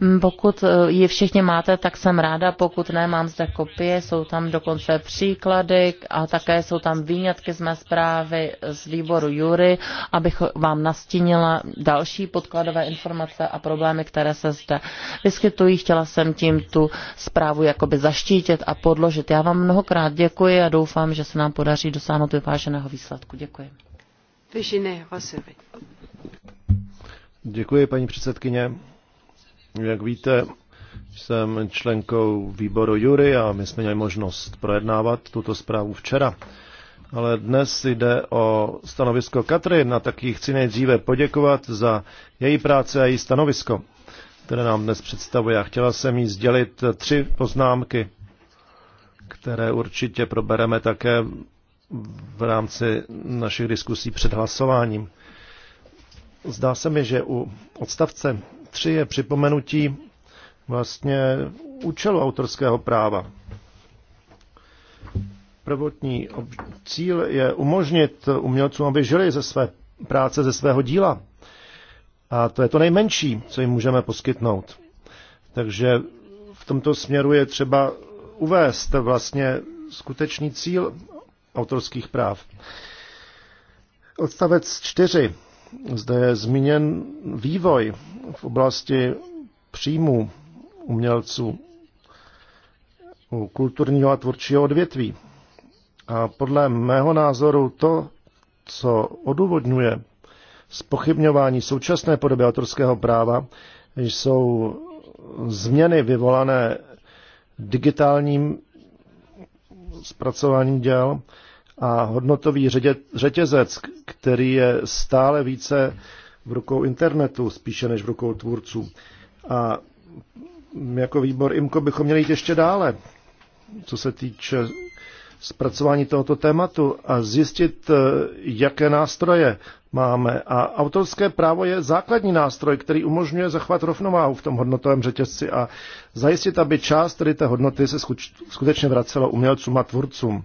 Mm, pokud e, ji všichni máte, tak jsem ráda, pokud ne, mám zde kopie, jsou tam dokonce příklady a také jsou tam výňatky z mé zprávy z výboru Jury, abych vám nastínila další podkladové informace a problémy, které se zde vyskytují. Chtěla jsem tím tu zprávu jakoby zaštítit a podložit. Já vám mnohokrát děkuji a doufám, že se nám podaří dosáhnout vyváženého výsledku. Děkuji
paní předsedkyně. Jak víte, jsem členkou výboru juri a my jsme měli možnost projednávat tuto zprávu včera. Ale dnes jde o stanovisko Katrin a taky chci nejdříve poděkovat za její práci a její stanovisko, které nám dnes představuje. A chtěla jsem jí sdělit tři poznámky, které určitě probereme také v rámci našich diskusí před hlasováním. Zdá se mi, že u odstavce 3 je připomenutí vlastně účelu autorského práva. Prvotní cíl je umožnit umělcům, aby žili ze své práce, ze svého díla. A to je to nejmenší, co jim můžeme poskytnout. Takže v tomto směru je třeba uvést vlastně skutečný cíl autorských práv. Odstavec 4. Zde je zmíněn vývoj v oblasti příjmu umělců u kulturního a tvůrčího odvětví. A podle mého názoru to, co odůvodňuje spochybňování současné podoby autorského práva, jsou změny vyvolané digitálním zpracováním děl a hodnotový řetězec, který je stále více v rukou internetu, spíše než v rukou tvůrců. A jako výbor IMKO bychom měli jít ještě dále, co se týče zpracování tohoto tématu a zjistit, eh, jaké nástroje máme. A autorské právo je základní nástroj, který umožňuje zachovat rovnováhu v tom hodnotovém řetězci a zajistit, aby část tedy té hodnoty se skutečně vracela umělcům a tvůrcům.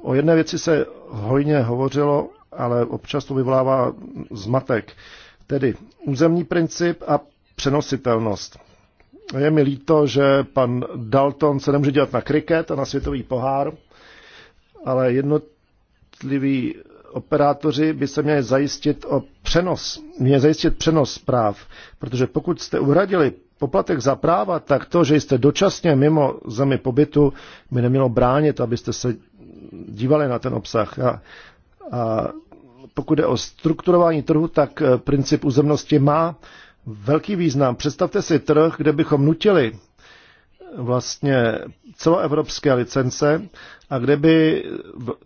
O jedné věci se hojně hovořilo, ale občas to vyvolává zmatek. Tedy územní princip a přenositelnost. Je mi líto, že pan Dalton se nemůže dělat na kriket a na světový pohár, ale jednotliví operátoři by se měli zajistit o přenos, měli zajistit přenos práv, protože pokud jste uhradili poplatek za práva, tak to, že jste dočasně mimo zemi pobytu, by nemělo bránit, abyste se dívali na ten obsah. A, a pokud je o strukturování trhu, tak eh, princip územnosti má velký význam. Představte si trh, kde bychom nutili eh, vlastně celoevropské licence a kde by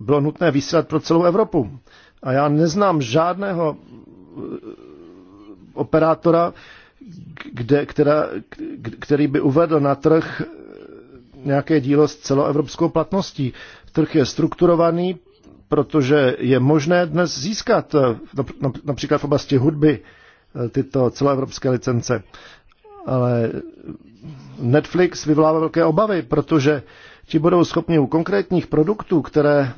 bylo nutné vysílat pro celou Evropu. A já neznám žádného eh, operátora, kde, která, který by uvedl na trh nějaké dílo s celoevropskou platností. Trh je strukturovaný, protože je možné dnes získat eh, například v oblasti hudby eh, tyto celoevropské licence. Ale Netflix vyvolává velké obavy, protože ti budou schopni u konkrétních produktů, které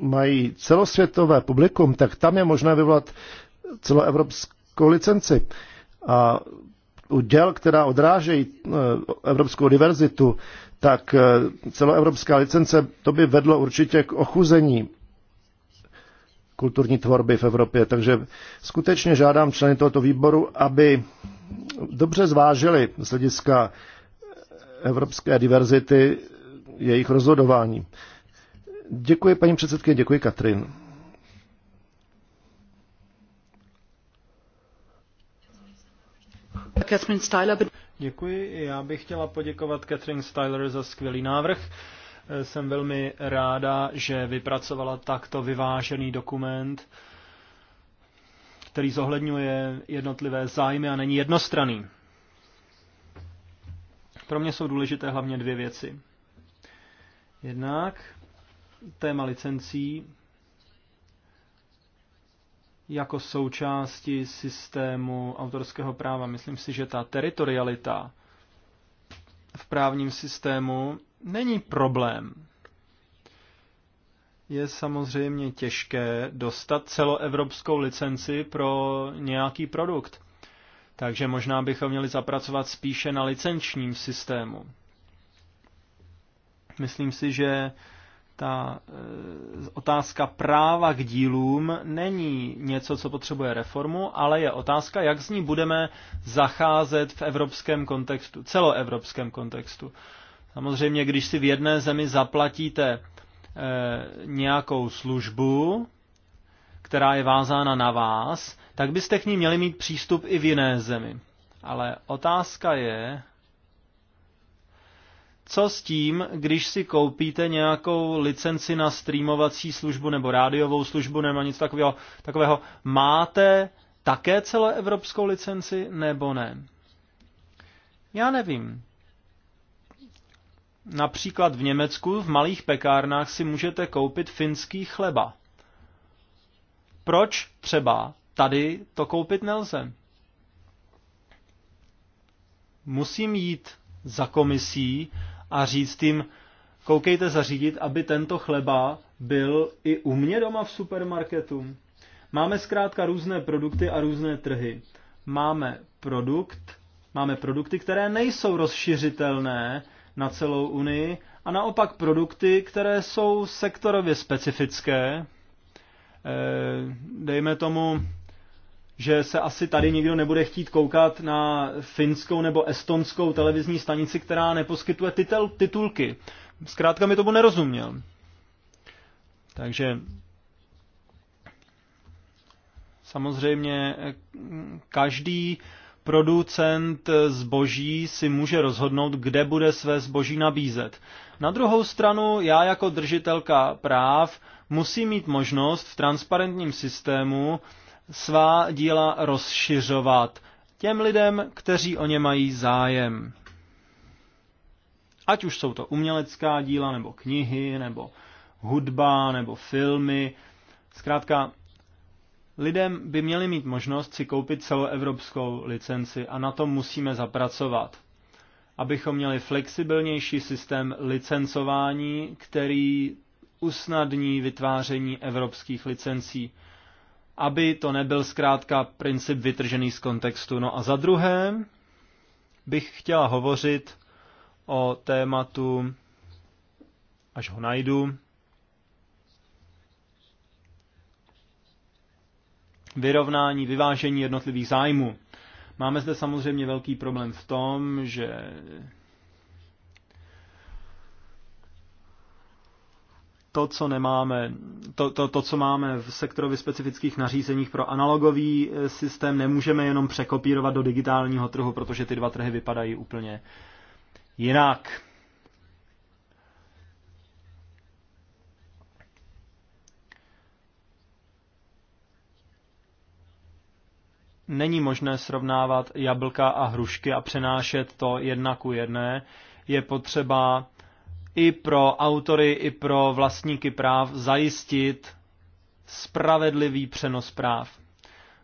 mají celosvětové publikum, tak tam je možné vyvolat celoevropskou licenci. A u děl, která odrážejí eh, evropskou diverzitu, tak eh, celoevropská licence, to by vedlo určitě k ochuzení kulturní tvorby v Evropě. Takže skutečně žádám členy tohoto výboru, aby dobře zvážili z hlediska evropské diverzity jejich rozhodování. Děkuji paní předsedkyně, děkuji Katrin.
Catherine Styler, Děkuji. Já bych chtěla poděkovat Catherine Styler za skvělý návrh. Eh, jsem velmi ráda, že vypracovala takto vyvážený dokument, který zohledňuje jednotlivé zájmy a není jednostranný. Pro mě jsou důležité hlavně dvě věci. Jednak téma licencí jako součásti systému autorského práva. Myslím si, že ta teritorialita v právním systému není problém. Je samozřejmě těžké dostat celoevropskou licenci pro nějaký produkt. Takže možná bychom měli zapracovat spíše na licenčním systému. Myslím si, že ta eh, otázka práva k dílům není něco, co potřebuje reformu, ale je otázka, jak s ní budeme zacházet v evropském kontextu, celoevropském kontextu. Samozřejmě, když si v jedné zemi zaplatíte eh, nějakou službu, která je vázána na vás, tak byste k ní měli mít přístup i v jiné zemi. Ale otázka je, co s tím, když si koupíte nějakou licenci na streamovací službu nebo rádiovou službu nebo nic takového, takového máte také celoevropskou licenci nebo ne? Já nevím. Například v Německu v malých pekárnách si můžete koupit finský chleba. Proč třeba tady to koupit nelze? Musím jít za komisí a říct jim, koukejte zařídit, aby tento chleba byl i u mě doma v supermarketu. Máme zkrátka různé produkty a různé trhy. Máme produkt, máme produkty, které nejsou rozšiřitelné na celou Unii a naopak produkty, které jsou sektorově specifické, eh, dejme tomu že se asi tady nikdo nebude chtít koukat na finskou nebo estonskou televizní stanici, která neposkytuje titel, titulky. Zkrátka mi tomu nerozuměl. Takže samozřejmě eh, každý producent zboží si může rozhodnout, kde bude své zboží nabízet. Na druhou stranu já jako držitelka práv musím mít možnost v transparentním systému svá díla rozšiřovat těm lidem, kteří o ně mají zájem. Ať už jsou to umělecká díla, nebo knihy, nebo hudba, nebo filmy. Zkrátka, lidem by měli mít možnost si koupit celoevropskou licenci a na tom musíme zapracovat. Abychom měli flexibilnější systém licencování, který usnadní vytváření evropských licencí aby to nebyl zkrátka princip vytržený z kontextu. No a za druhé bych chtěla hovořit o tématu, až ho najdu, vyrovnání, vyvážení jednotlivých zájmů. Máme zde samozřejmě velký problém v tom, že to, co nemáme, to, to, to, co máme v sektorově specifických nařízeních pro analogový e, systém, nemůžeme jenom překopírovat do digitálního trhu, protože ty dva trhy vypadají úplně jinak. Není možné srovnávat jablka a hrušky a přenášet to jedna ku jedné. Je potřeba i pro autory, i pro vlastníky práv zajistit spravedlivý přenos práv.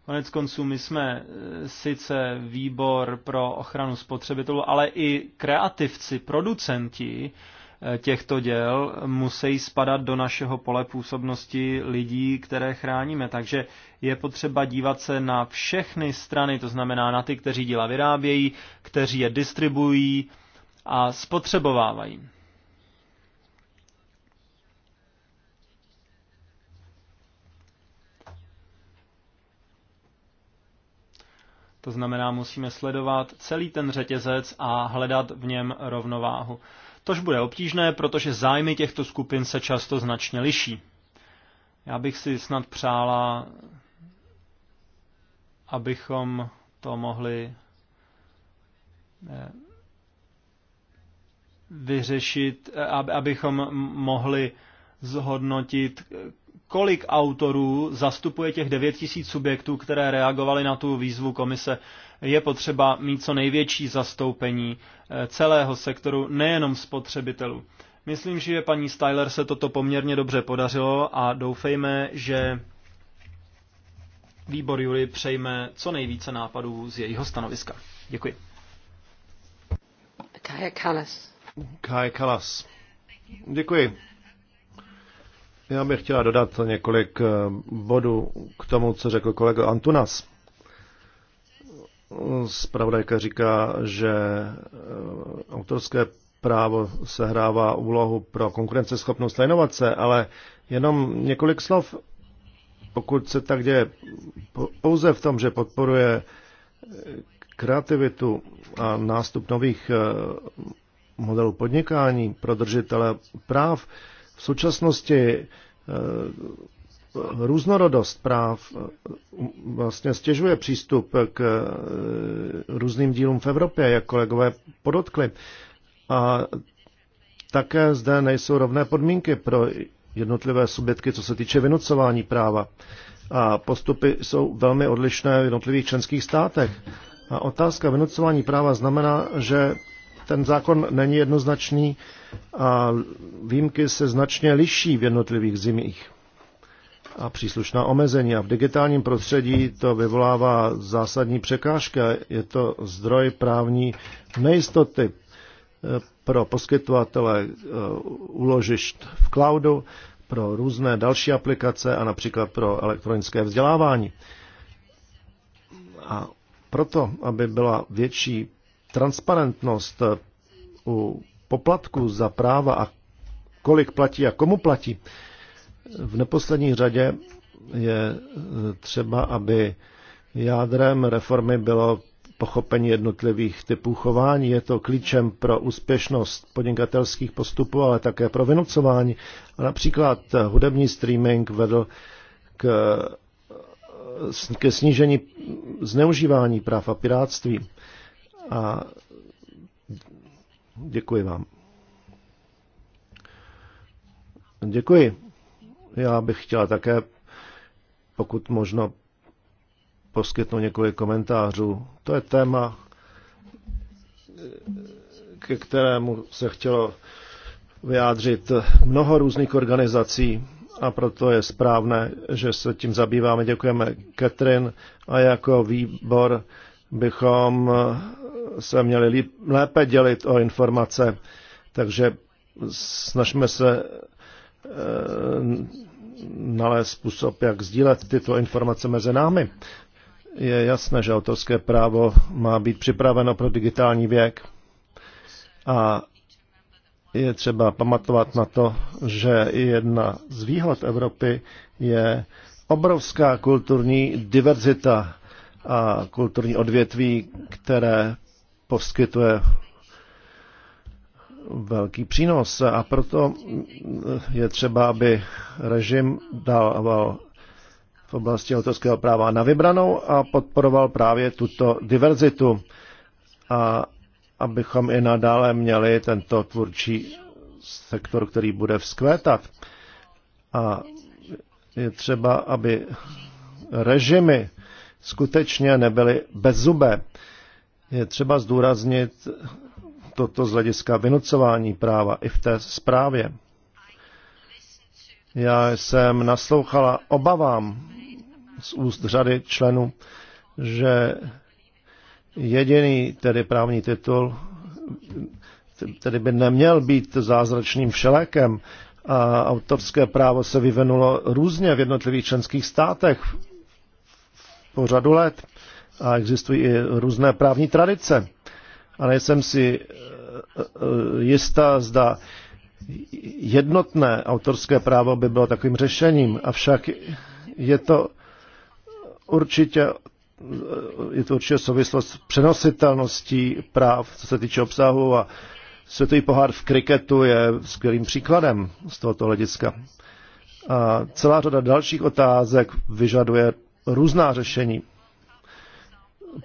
Konec konců my jsme e, sice výbor pro ochranu spotřebitelů, ale i kreativci, producenti e, těchto děl musí spadat do našeho pole působnosti lidí, které chráníme. Takže je potřeba dívat se na všechny strany, to znamená na ty, kteří díla vyrábějí, kteří je distribuují a spotřebovávají. To znamená, musíme sledovat celý ten řetězec a hledat v něm rovnováhu. Tož bude obtížné, protože zájmy těchto skupin se často značně liší. Já bych si snad přála, abychom to mohli eh, vyřešit, eh, abychom mohli zhodnotit, kolik autorů zastupuje těch 9 tisíc subjektů, které reagovaly na tu výzvu komise. Je potřeba mít co největší zastoupení eh, celého sektoru, nejenom spotřebitelů. Myslím, že paní Styler se toto poměrně dobře podařilo a doufejme, že výbor Juli přejme co nejvíce nápadů z jejího stanoviska. Děkuji.
Kaja Kalas.
Kaja Kalas. Děkuji. Já bych chtěla dodat několik eh, bodů k tomu, co řekl kolega Antunas. Spravodajka říká, že eh, autorské právo sehrává úlohu pro konkurenceschopnost a inovace, ale jenom několik slov, pokud se tak děje pouze v tom, že podporuje eh, kreativitu a nástup nových modelů podnikání pro držitele práv, v současnosti eh, různorodost práv eh, vlastně stěžuje přístup k eh, různým dílům v Evropě, jak kolegové podotkli. A také zde nejsou rovné podmínky pro jednotlivé subjekty, co se týče vynucování práva. A postupy jsou velmi odlišné v jednotlivých členských státech. A otázka vynucování práva znamená, že ten zákon není jednoznačný a výjimky se značně liší v jednotlivých zemích a příslušná omezení. A v digitálním prostředí to vyvolává zásadní překážka. Je to zdroj právní nejistoty eh, pro poskytovatele uložišť eh, v cloudu, pro různé další aplikace a například pro elektronické vzdělávání. A proto, aby byla větší transparentnost eh, u poplatku za práva a kolik platí a komu platí, v neposlední řadě je eh, třeba, aby jádrem reformy bylo pochopení jednotlivých typů chování. Je to klíčem pro úspěšnost podnikatelských postupů, ale také pro vynucování. A například eh, hudební streaming vedl k, ke snížení zneužívání práv a piráctví a děkuji vám. Děkuji. Já bych chtěla také, pokud možno, poskytnout několik komentářů. To je téma, ke kterému se chtělo vyjádřit mnoho různých organizací a proto je správné, že se tím zabýváme. Děkujeme Katrin a jako výbor bychom se měli líp, lépe dělit o informace. Takže snažíme se e, nalézt způsob, jak sdílet tyto informace mezi námi. Je jasné, že autorské právo má být připraveno pro digitální věk a je třeba pamatovat na to, že jedna z výhod Evropy je obrovská kulturní diverzita a kulturní odvětví, které poskytuje velký přínos a proto je třeba, aby režim dával v oblasti autorského práva na vybranou a podporoval právě tuto diverzitu a abychom i nadále měli tento tvůrčí sektor, který bude vzkvétat. A je třeba, aby režimy skutečně nebyly zube. Je třeba zdůraznit toto z hlediska vynucování práva i v té zprávě. Já jsem naslouchala obavám z úst řady členů, že jediný tedy právní titul tedy by neměl být zázračným všelékem a autorské právo se vyvinulo různě v jednotlivých členských státech po řadu let a existují i různé právní tradice. A nejsem si eh, eh, jistá, zda jednotné autorské právo by bylo takovým řešením. Avšak je to určitě eh, je to určitě souvislost s přenositelností práv, co se týče obsahu a světový pohár v kriketu je skvělým příkladem z tohoto hlediska. A celá řada dalších otázek vyžaduje různá řešení.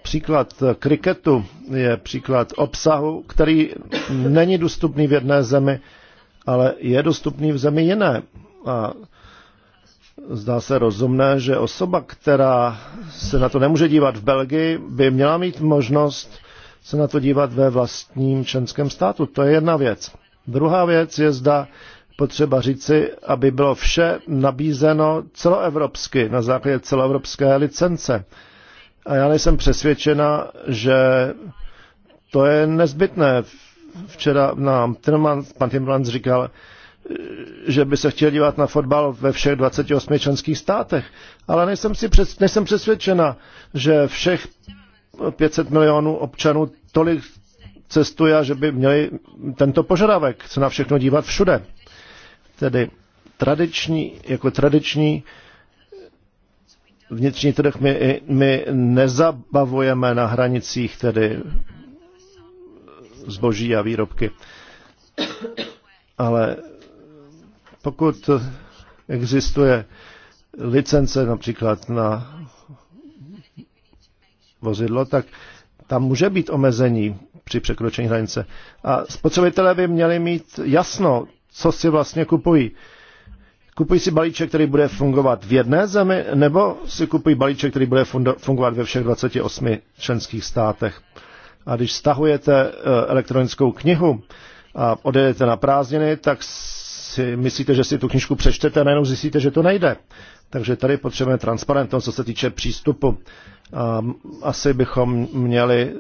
Příklad kriketu je příklad obsahu, který není dostupný v jedné zemi, ale je dostupný v zemi jiné. A Zdá se rozumné, že osoba, která se na to nemůže dívat v Belgii, by měla mít možnost se na to dívat ve vlastním členském státu. To je jedna věc. Druhá věc je, zda potřeba říci, aby bylo vše nabízeno celoevropsky, na základě celoevropské licence. A já nejsem přesvědčena, že to je nezbytné. Včera nám Timmermans, pan Timmermans říkal, že by se chtěl dívat na fotbal ve všech 28 členských státech. Ale nejsem, si přes, nejsem přesvědčena, že všech 500 milionů občanů tolik cestuje že by měli tento požadavek se na všechno dívat všude. Tedy tradiční, jako tradiční vnitřní trh my, my nezabavujeme na hranicích tedy zboží a výrobky. Ale pokud existuje licence například na vozidlo, tak tam může být omezení při překročení hranice. A spotřebitelé by měli mít jasno, co si vlastně kupují. Kupují si balíček, který bude fungovat v jedné zemi, nebo si kupují balíček, který bude fungovat ve všech 28 členských státech. A když stahujete eh, elektronickou knihu a odejdete na prázdniny, tak si myslíte, že si tu knižku přečtete a najednou zjistíte, že to nejde. Takže tady potřebujeme transparentnost, co se týče přístupu. A asi bychom měli eh,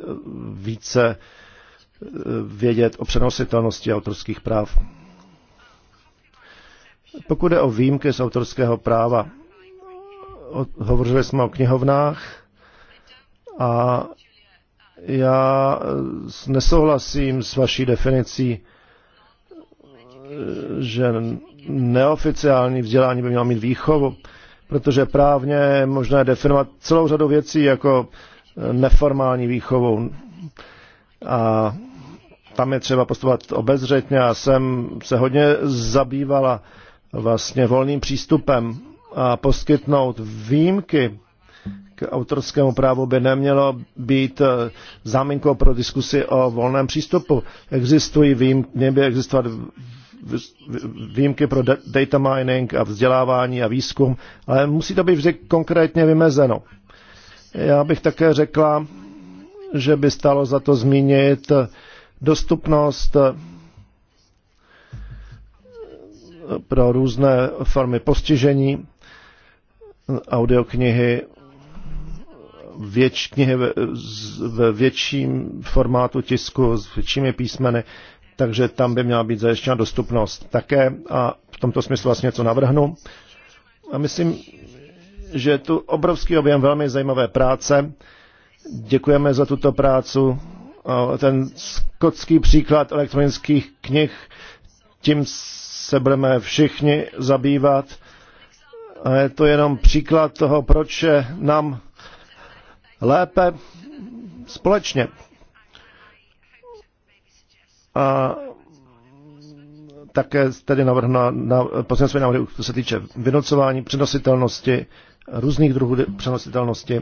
více eh, vědět o přenositelnosti autorských práv. Pokud je o výjimky z autorského práva, hovořili jsme o knihovnách a já eh, nesouhlasím s vaší definicí, eh, že neoficiální vzdělání by mělo mít výchovu, protože právně je možné definovat celou řadu věcí jako eh, neformální výchovu. A tam je třeba postupovat obezřetně a jsem se hodně zabývala uh, vlastně volným přístupem a poskytnout výjimky k autorskému právu by nemělo být eh, záminkou pro diskusi o volném přístupu. Existují výjimky, měly by existovat výjimky pro data mining a vzdělávání a výzkum, ale musí to být vždy konkrétně vymezeno. Já bych také řekla, že by stalo za to zmínit dostupnost pro různé formy postižení, audioknihy, věč, knihy ve větším formátu tisku s většími písmeny, takže tam by měla být zajištěna dostupnost také a v tomto smyslu vlastně něco navrhnu. A myslím, že je tu obrovský objem velmi zajímavé práce. Děkujeme za tuto práci. Ten skotský příklad elektronických knih, tím se budeme všichni zabývat. A je to jenom příklad toho, proč je nám lépe společně. A také tedy navrhnu na, poslední své návrhy, co se týče vynocování, přenositelnosti, různých druhů přenositelnosti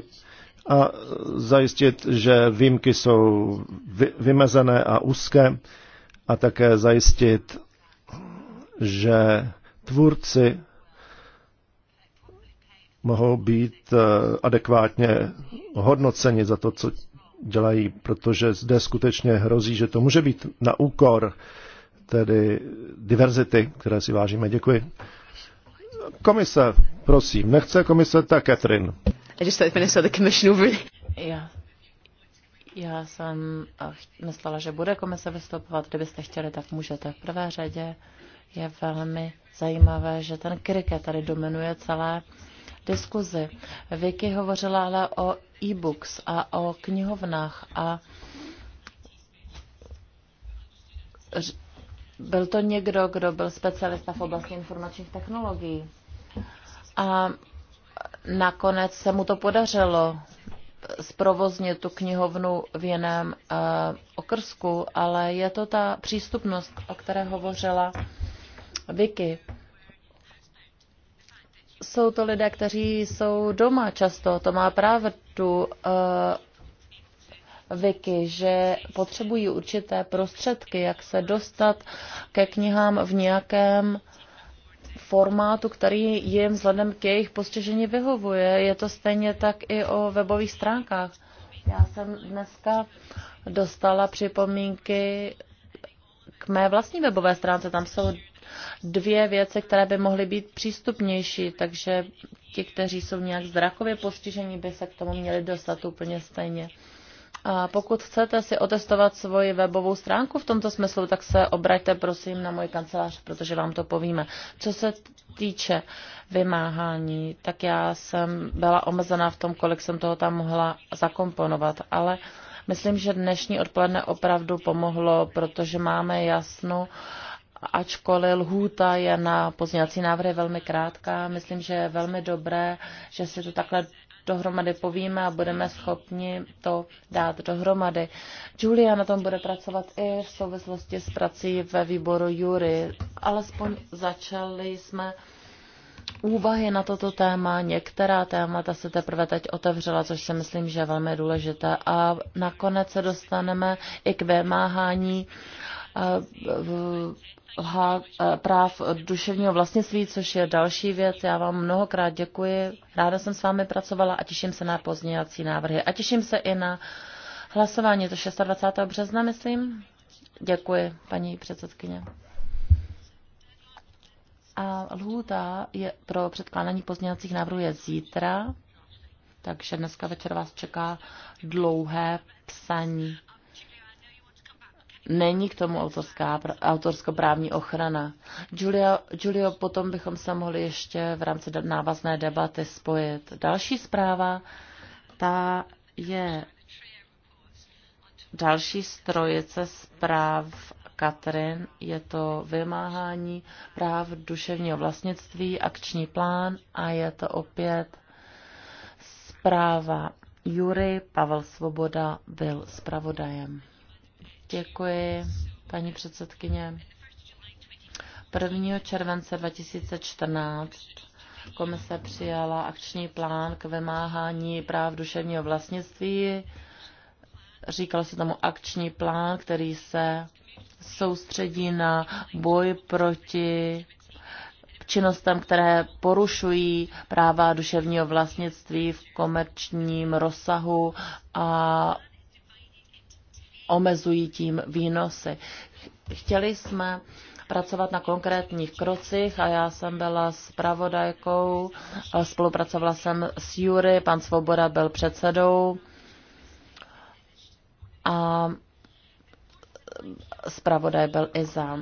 a zajistit, že výjimky jsou vy, vymezené a úzké a také zajistit že tvůrci mohou být eh, adekvátně hodnoceni za to, co dělají, protože zde skutečně hrozí, že to může být na úkor tedy diverzity, které si vážíme. Děkuji. Komise, prosím. Nechce komise, tak Catherine. I just thought the commission over Já,
já jsem eh, myslela, že bude komise vystupovat. Kdybyste chtěli, tak můžete v prvé řadě je velmi zajímavé, že ten kriket tady dominuje celé diskuzi. Vicky hovořila ale o e-books a o knihovnách a byl to někdo, kdo byl specialista v oblasti informačních technologií. A nakonec se mu to podařilo zprovoznit tu knihovnu v jiném uh, okrsku, ale je to ta přístupnost, o které hovořila Vicky. Jsou to lidé, kteří jsou doma často, to má pravdu uh, Vicky, že potřebují určité prostředky, jak se dostat ke knihám v nějakém formátu, který jim vzhledem k jejich postižení vyhovuje. Je to stejně tak i o webových stránkách. Já jsem dneska dostala připomínky k mé vlastní webové stránce. Tam jsou dvě věci, které by mohly být přístupnější, takže ti, kteří jsou nějak zrakově postižení, by se k tomu měli dostat úplně stejně. A pokud chcete si otestovat svoji webovou stránku v tomto smyslu, tak se obraťte prosím na můj kancelář, protože vám to povíme. Co se týče vymáhání, tak já jsem byla omezená v tom, kolik jsem toho tam mohla zakomponovat, ale myslím, že dnešní odpoledne opravdu pomohlo, protože máme jasno, uh, ačkoliv lhůta je na pozměňovací návrhy velmi krátká. Myslím, že je velmi dobré, že si to takhle dohromady povíme a budeme schopni to dát dohromady. Julia na tom bude pracovat i v souvislosti s prací ve výboru Jury. Alespoň začali jsme úvahy na toto téma. Některá témata se teprve teď otevřela, což si myslím, že je velmi důležité. A nakonec se dostaneme i k vymáhání eh, v Eh, práv duševního vlastnictví, což je další věc. Já vám mnohokrát děkuji. Ráda jsem s vámi pracovala a těším se na pozdějací návrhy. A těším se i na hlasování, to 26. března, myslím. Děkuji, paní předsedkyně. A lhůta je pro předkládání pozdějacích návrhů je zítra, takže dneska večer vás čeká dlouhé psaní není k tomu autorská, autorskoprávní ochrana. Julio, Julio, potom bychom se mohli ještě v rámci návazné debaty spojit. Další zpráva, ta je další strojice zpráv Katrin. Je to vymáhání práv duševního vlastnictví, akční plán a je to opět zpráva Jury Pavel Svoboda byl zpravodajem. Děkuji, paní předsedkyně. 1. července 2014 komise přijala akční plán k vymáhání práv duševního vlastnictví. Říkalo se tomu akční plán, který se soustředí na boj proti činnostem, které porušují práva duševního vlastnictví v komerčním rozsahu a omezují tím výnosy. Chtěli jsme pracovat na konkrétních krocích a já jsem byla pravodajkou, spolupracovala jsem s Jury, pan Svoboda byl předsedou a zpravodaj byl i za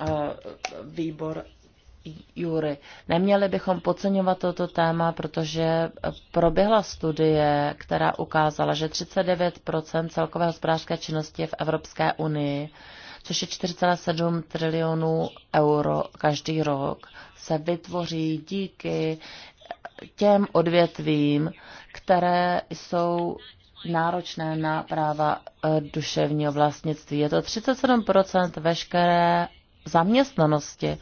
eh, výbor Jury. Neměli bychom podceňovat toto téma, protože proběhla studie, která ukázala, že 39 celkové hospodářské činnosti je v Evropské unii, což je 4,7 trilionů euro každý rok, se vytvoří díky těm odvětvím, které jsou náročné na práva eh, duševního vlastnictví. Je to 37 veškeré zaměstnanosti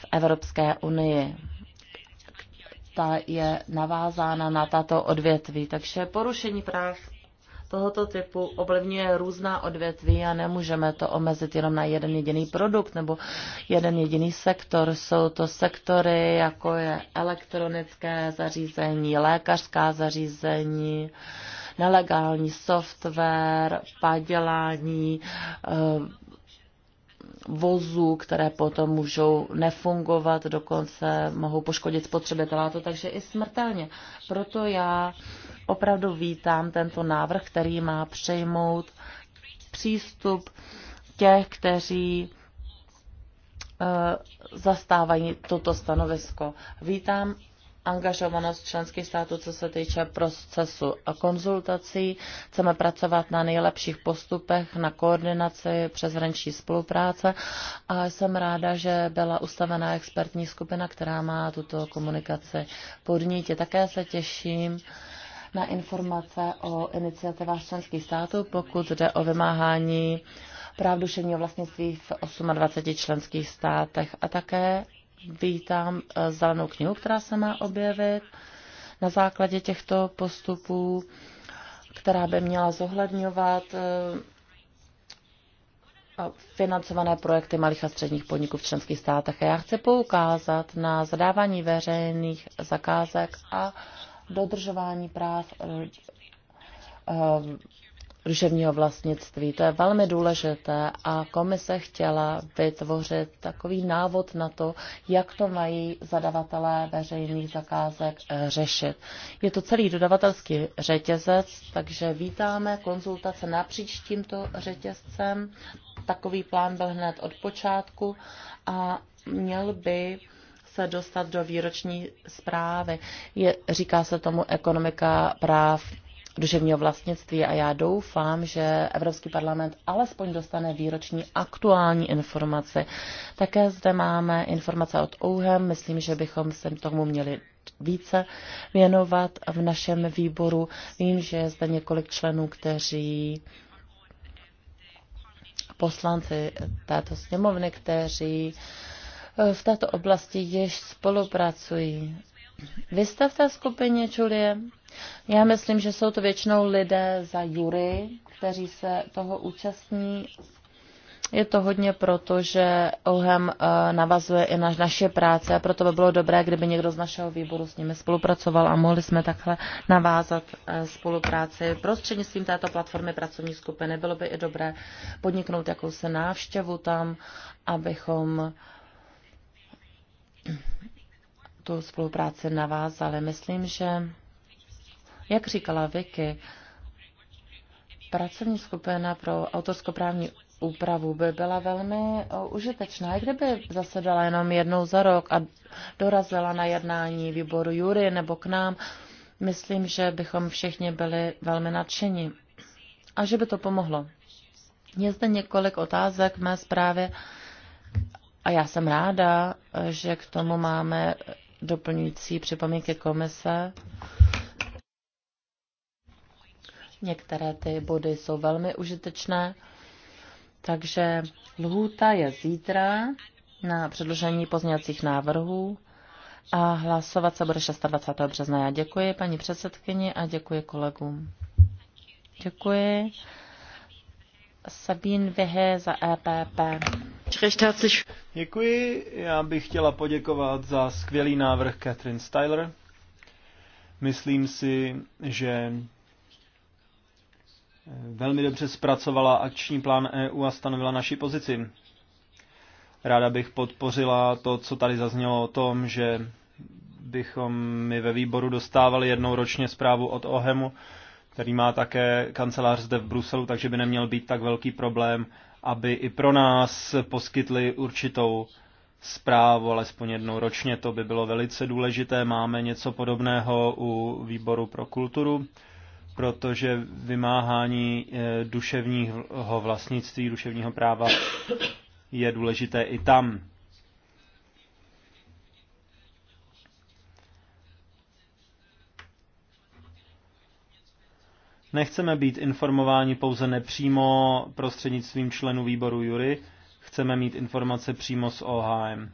v Evropské unii. Ta je navázána na tato odvětví, takže porušení práv tohoto typu ovlivňuje různá odvětví a nemůžeme to omezit jenom na jeden jediný produkt nebo jeden jediný sektor. Jsou to sektory, jako je elektronické zařízení, lékařská zařízení, nelegální software, padělání, eh, vozů, které potom můžou nefungovat, dokonce mohou poškodit spotřebitele to takže i smrtelně. Proto já opravdu vítám tento návrh, který má přejmout přístup těch, kteří eh, zastávají toto stanovisko. Vítám angažovanost členských států, co se týče procesu a konzultací. Chceme pracovat na nejlepších postupech, na koordinaci přeshraniční spolupráce a jsem ráda, že byla ustavená expertní skupina, která má tuto komunikaci podnítit. Také se těším na informace o iniciativách členských států, pokud jde o vymáhání práv duševního vlastnictví v 28 členských státech a také vítám eh, zelenou knihu, která se má objevit na základě těchto postupů, která by měla zohledňovat eh, financované projekty malých a středních podniků v členských státech. A já chci poukázat na zadávání veřejných zakázek a dodržování práv eh, duševního vlastnictví. To je velmi důležité a komise chtěla vytvořit takový návod na to, jak to mají zadavatelé veřejných zakázek eh, řešit. Je to celý dodavatelský řetězec, takže vítáme konzultace napříč tímto řetězcem. Takový plán byl hned od počátku a měl by se dostat do výroční zprávy. Je, říká se tomu ekonomika práv duševního vlastnictví a já doufám, že Evropský parlament alespoň dostane výroční aktuální informace. Také zde máme informace od OUHEM, myslím, že bychom se tomu měli více věnovat v našem výboru. Vím, že je zde několik členů, kteří poslanci této sněmovny, kteří eh, v této oblasti již spolupracují. Vy jste v té skupině, Julie? Já myslím, že jsou to většinou lidé za jury, kteří se toho účastní. Je to hodně proto, že OHEM eh, navazuje i na naše práce a proto by bylo dobré, kdyby někdo z našeho výboru s nimi spolupracoval a mohli jsme takhle navázat eh, spolupráci. Prostřednictvím této platformy pracovní skupiny bylo by i dobré podniknout jakousi návštěvu tam, abychom tu spolupráci navázali. Myslím, že jak říkala Vicky, pracovní skupina pro autorskoprávní úpravu by byla velmi užitečná, i kdyby zasedala jenom jednou za rok a dorazila na jednání výboru Jury nebo k nám. Myslím, že bychom všichni byli velmi nadšeni a že by to pomohlo. Je zde několik otázek mé zprávě a já jsem ráda, že k tomu máme doplňující připomínky komise. Některé ty body jsou velmi užitečné. Takže lhůta je zítra na předložení pozměňovacích návrhů a hlasovat se bude 26. března. Já děkuji paní předsedkyni a děkuji kolegům. Děkuji. Sabine Vehe za EPP.
Děkuji. Já bych chtěla poděkovat za skvělý návrh Catherine Styler. Myslím si, že velmi dobře zpracovala akční plán EU a stanovila naši pozici. Ráda bych podpořila to, co tady zaznělo o tom, že bychom my ve výboru dostávali jednou ročně zprávu od OHEMu, který má také kancelář zde v Bruselu, takže by neměl být tak velký problém, aby i pro nás poskytli určitou zprávu, alespoň jednou ročně, to by bylo velice důležité. Máme něco podobného u výboru pro kulturu protože vymáhání eh, duševního vlastnictví, duševního práva je důležité i tam. Nechceme být informováni pouze nepřímo prostřednictvím členů výboru Jury, chceme mít informace přímo z OHM.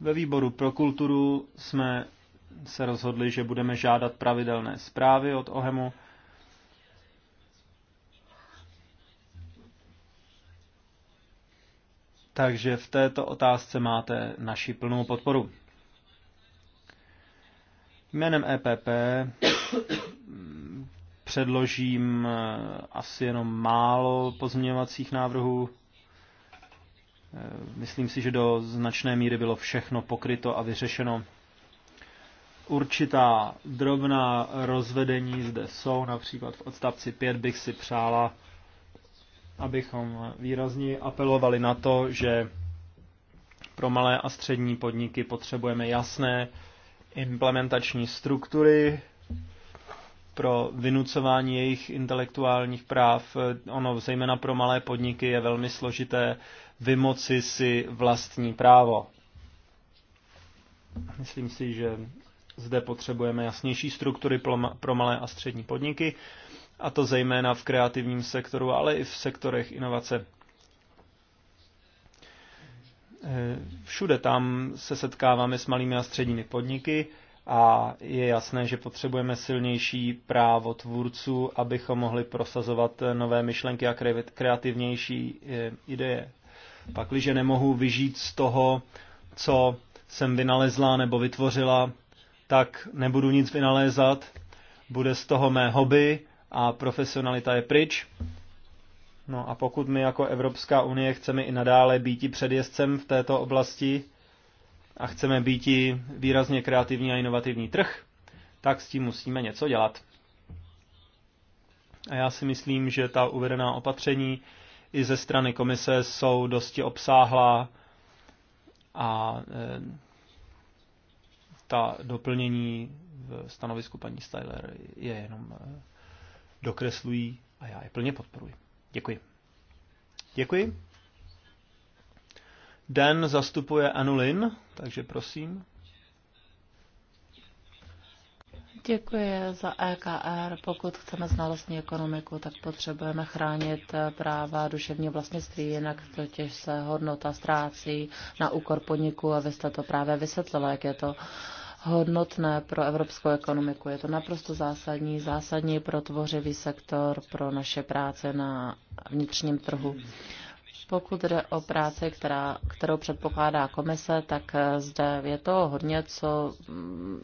Ve výboru pro kulturu jsme se rozhodli, že budeme žádat pravidelné zprávy od OHEMu. Takže v této otázce máte naši plnou podporu. Jménem EPP předložím asi jenom málo pozměňovacích návrhů. Eh, myslím si, že do značné míry bylo všechno pokryto a vyřešeno. Určitá drobná rozvedení zde jsou, například v odstavci 5 bych si přála, abychom výrazně apelovali na to, že pro malé a střední podniky potřebujeme jasné implementační struktury pro vynucování jejich intelektuálních práv. Eh, ono zejména pro malé podniky je velmi složité vymoci si vlastní právo. Myslím si, že zde potřebujeme jasnější struktury pro malé a střední podniky, a to zejména v kreativním sektoru, ale i v sektorech inovace. E, všude tam se setkáváme s malými a středními podniky a je jasné, že potřebujeme silnější právo tvůrců, abychom mohli prosazovat nové myšlenky a kreativnější e, ideje. Pakliže nemohu vyžít z toho, co jsem vynalezla nebo vytvořila, tak nebudu nic vynalézat, bude z toho mé hobby a profesionalita je pryč. No a pokud my jako Evropská unie chceme i nadále být předjezdcem v této oblasti a chceme být výrazně kreativní a inovativní trh, tak s tím musíme něco dělat. A já si myslím, že ta uvedená opatření i ze strany komise jsou dosti obsáhlá a e, ta doplnění v stanovisku paní Styler je jenom e, dokreslují a já je plně podporuji. Děkuji. Děkuji. Den zastupuje Anulin, takže prosím.
Děkuji za EKR. Pokud chceme znalostní ekonomiku, tak potřebujeme chránit eh, práva duševního vlastnictví, jinak totiž se hodnota ztrácí na úkor podniku a vy jste to právě vysvětlila, jak je to hodnotné pro evropskou ekonomiku. Je to naprosto zásadní, zásadní pro tvořivý sektor, pro naše práce na vnitřním trhu. Pokud jde o práci, která, kterou předpokládá komise, tak eh, zde je to hodně, co mm,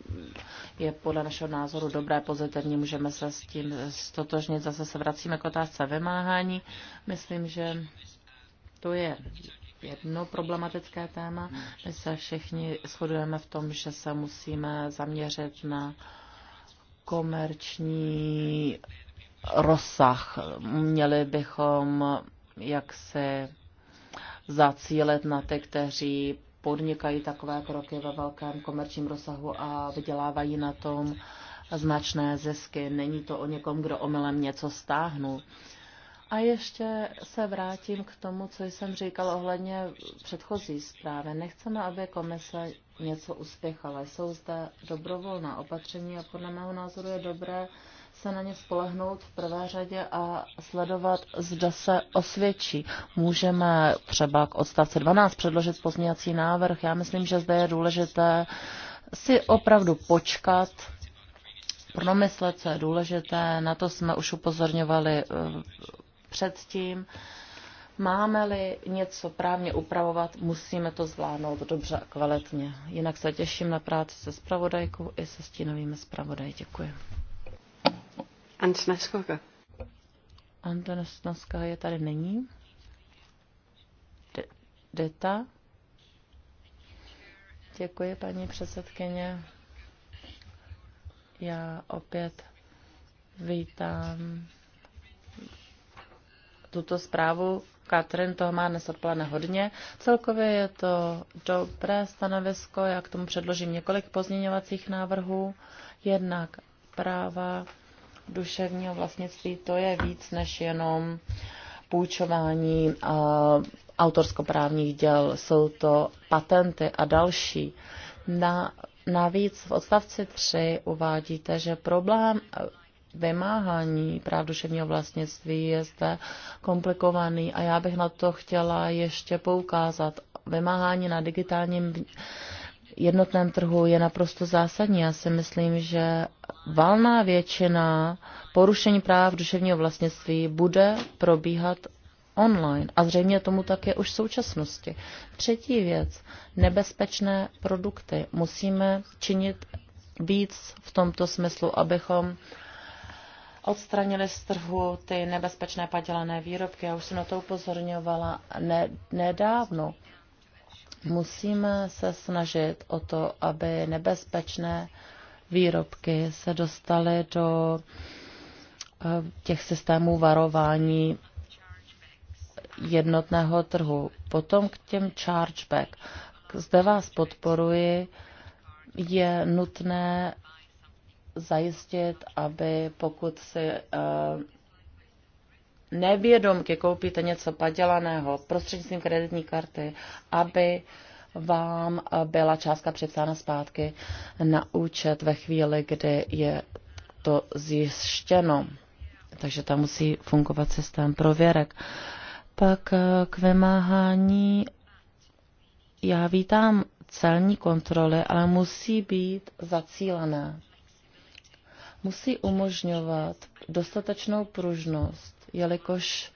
je podle našeho názoru dobré, pozitivní, můžeme se s tím stotožnit. Zase se vracíme k otázce vymáhání. Myslím, že to je jedno problematické téma. My se všichni shodujeme v tom, že se musíme zaměřit na komerční rozsah. Měli bychom jak se zacílet na ty, kteří podnikají takové kroky ve velkém komerčním rozsahu a vydělávají na tom značné zisky. Není to o někom, kdo omylem něco stáhnu. A ještě se vrátím k tomu, co jsem říkal ohledně předchozí zprávy. Nechceme, aby komise něco uspěchala. Jsou zde dobrovolná opatření a podle mého názoru je dobré se na ně spolehnout v prvé řadě a sledovat, zda se osvědčí. Můžeme třeba k odstavce 12 předložit pozměňovací návrh. Já myslím, že zde je důležité si opravdu počkat, promyslet, co je důležité. Na to jsme už upozorňovali eh, předtím. Máme-li něco právně upravovat, musíme to zvládnout dobře a kvalitně. Jinak se těším na práci se spravodajkou i se stínovými zpravodaji. Děkuji. Antoneskoga. Antoneskoga je tady není. De, deta. Děkuji, paní předsedkyně. Já opět vítám tuto zprávu. Katrin toho má dnes odpoledne hodně. Celkově je to dobré stanovisko. Já k tomu předložím několik pozměňovacích návrhů. Jednak práva duševního vlastnictví, to je víc než jenom půjčování autorskoprávních děl. Jsou to patenty a další. Na, navíc v odstavci 3 uvádíte, že problém vymáhání práv duševního vlastnictví je zde komplikovaný a já bych na to chtěla ještě poukázat. Vymáhání na digitálním jednotném trhu je naprosto zásadní. Já si myslím, že valná většina porušení práv duševního vlastnictví bude probíhat online. A zřejmě tomu tak je už v současnosti. Třetí věc, nebezpečné produkty. Musíme činit víc v tomto smyslu, abychom odstranili z trhu ty nebezpečné padělané výrobky. Já už jsem na to upozorňovala ne, nedávno. Musíme se snažit o to, aby nebezpečné výrobky se dostaly do eh, těch systémů varování jednotného trhu. Potom k těm chargeback. Zde vás podporuji. Je nutné zajistit, aby pokud si eh, nevědomky koupíte něco padělaného prostřednictvím kreditní karty, aby uh, vám byla částka přepsána zpátky na účet ve chvíli, kdy je to zjištěno. Takže tam musí fungovat systém prověrek. Pak eh, k vymáhání já vítám celní kontroly, ale musí být zacílené. Musí umožňovat dostatečnou pružnost, jelikož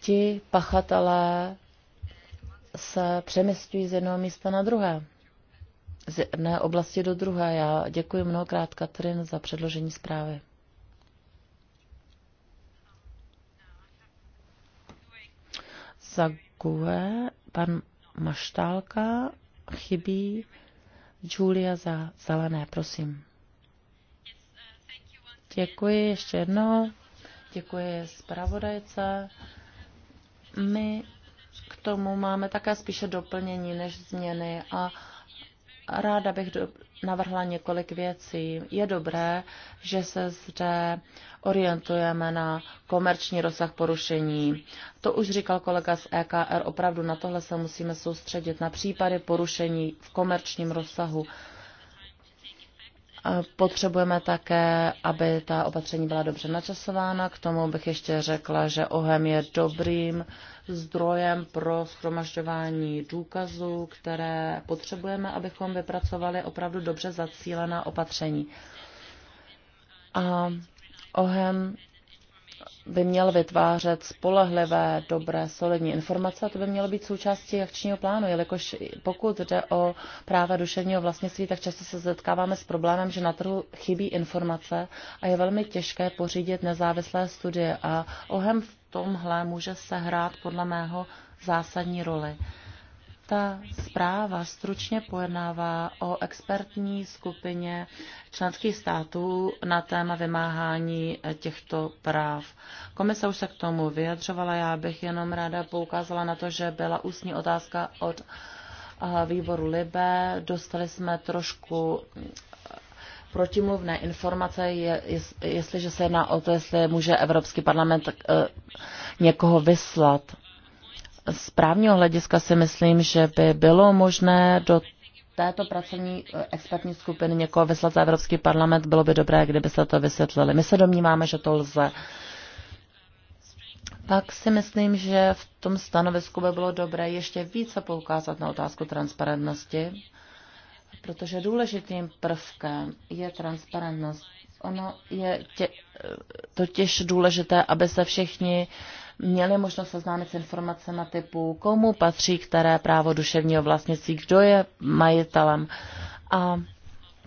ti pachatelé se přeměstňují z jednoho místa na druhé, z jedné oblasti do druhé. Já děkuji mnohokrát Katrin za předložení zprávy. Za GUE pan Maštálka chybí Julia za zelené, prosím. Děkuji ještě jednou. Děkuji zpravodajce. My tomu máme také spíše doplnění než změny a ráda bych do, navrhla několik věcí. Je dobré, že se zde orientujeme na komerční rozsah porušení. To už říkal kolega z EKR, opravdu na tohle se musíme soustředit, na případy porušení v komerčním rozsahu. Potřebujeme také, aby ta opatření byla dobře načasována. K tomu bych ještě řekla, že OHEM je dobrým zdrojem pro schromažďování důkazů, které potřebujeme, abychom vypracovali opravdu dobře zacílená opatření. A OHEM by měl vytvářet spolehlivé, dobré, solidní informace a to by mělo být součástí akčního plánu, jelikož pokud jde o práva duševního vlastnictví, tak často se setkáváme s problémem, že na trhu chybí informace a je velmi těžké pořídit nezávislé studie a OHEM v tomhle může sehrát podle mého zásadní roli. Ta zpráva stručně pojednává o expertní skupině členských států na téma vymáhání těchto práv. Komise už se k tomu vyjadřovala, já bych jenom ráda poukázala na to, že byla ústní otázka od eh, výboru Libe. Dostali jsme trošku protimluvné informace, je, jestliže se jedná o to, jestli může Evropský parlament eh, někoho vyslat. Z právního hlediska si myslím, že by bylo možné do této pracovní eh, expertní skupiny někoho vyslat za Evropský parlament, bylo by dobré, kdyby se to vysvětlili. My se domníváme, že to lze. Pak si myslím, že v tom stanovisku by bylo dobré ještě více poukázat na otázku transparentnosti protože důležitým prvkem je transparentnost. Ono je tě, totiž důležité, aby se všichni měli možnost seznámit s informacemi typu, komu patří které právo duševního vlastnictví, kdo je majitelem. A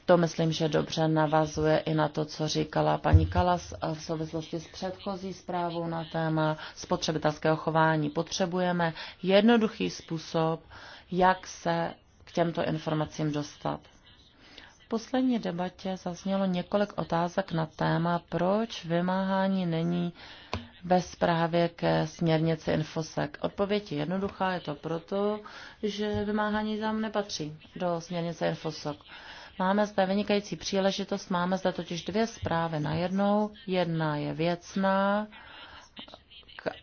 to myslím, že dobře navazuje i na to, co říkala paní Kalas v souvislosti s předchozí zprávou na téma spotřebitelského chování. Potřebujeme jednoduchý způsob, jak se těmto informacím dostat. V poslední debatě zaznělo několik otázek na téma, proč vymáhání není ve zprávě ke směrnici Infosec. Odpověď je jednoduchá, je to proto, že vymáhání tam nepatří do směrnice Infosec. Máme zde vynikající příležitost, máme zde totiž dvě zprávy na najednou. Jedna je věcná,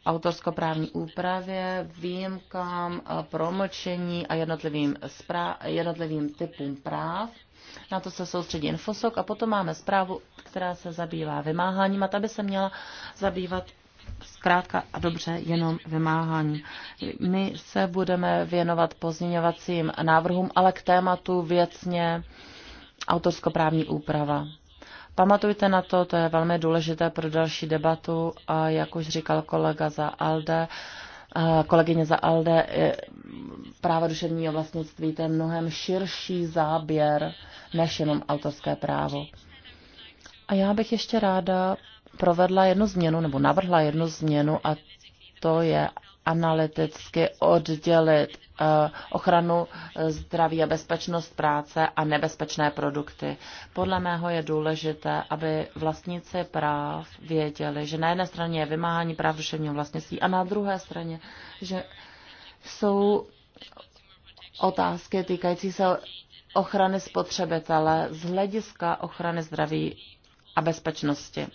autorskoprávní úpravě, výjimkám, eh, promlčení a jednotlivým, jednotlivým typům práv. Na to se soustředí Infosok a potom máme zprávu, která se zabývá vymáháním a ta by se měla zabývat zkrátka a dobře jenom vymáhání. My se budeme věnovat pozměňovacím návrhům, ale k tématu věcně autorskoprávní úprava. Pamatujte na to, to je velmi důležité pro další debatu a jak už říkal kolega za ALDE, eh, kolegyně za ALDE, eh, práva duševního vlastnictví, to je mnohem širší záběr než jenom autorské právo. A já bych ještě ráda provedla jednu změnu, nebo navrhla jednu změnu a to je analyticky oddělit Eh, ochranu eh, zdraví a bezpečnost práce a nebezpečné produkty. Podle mého je důležité, aby vlastníci práv věděli, že na jedné straně je vymáhání práv duševního vlastnictví a na druhé straně, že jsou otázky týkající se ochrany spotřebitele z hlediska ochrany zdraví a bezpečnosti.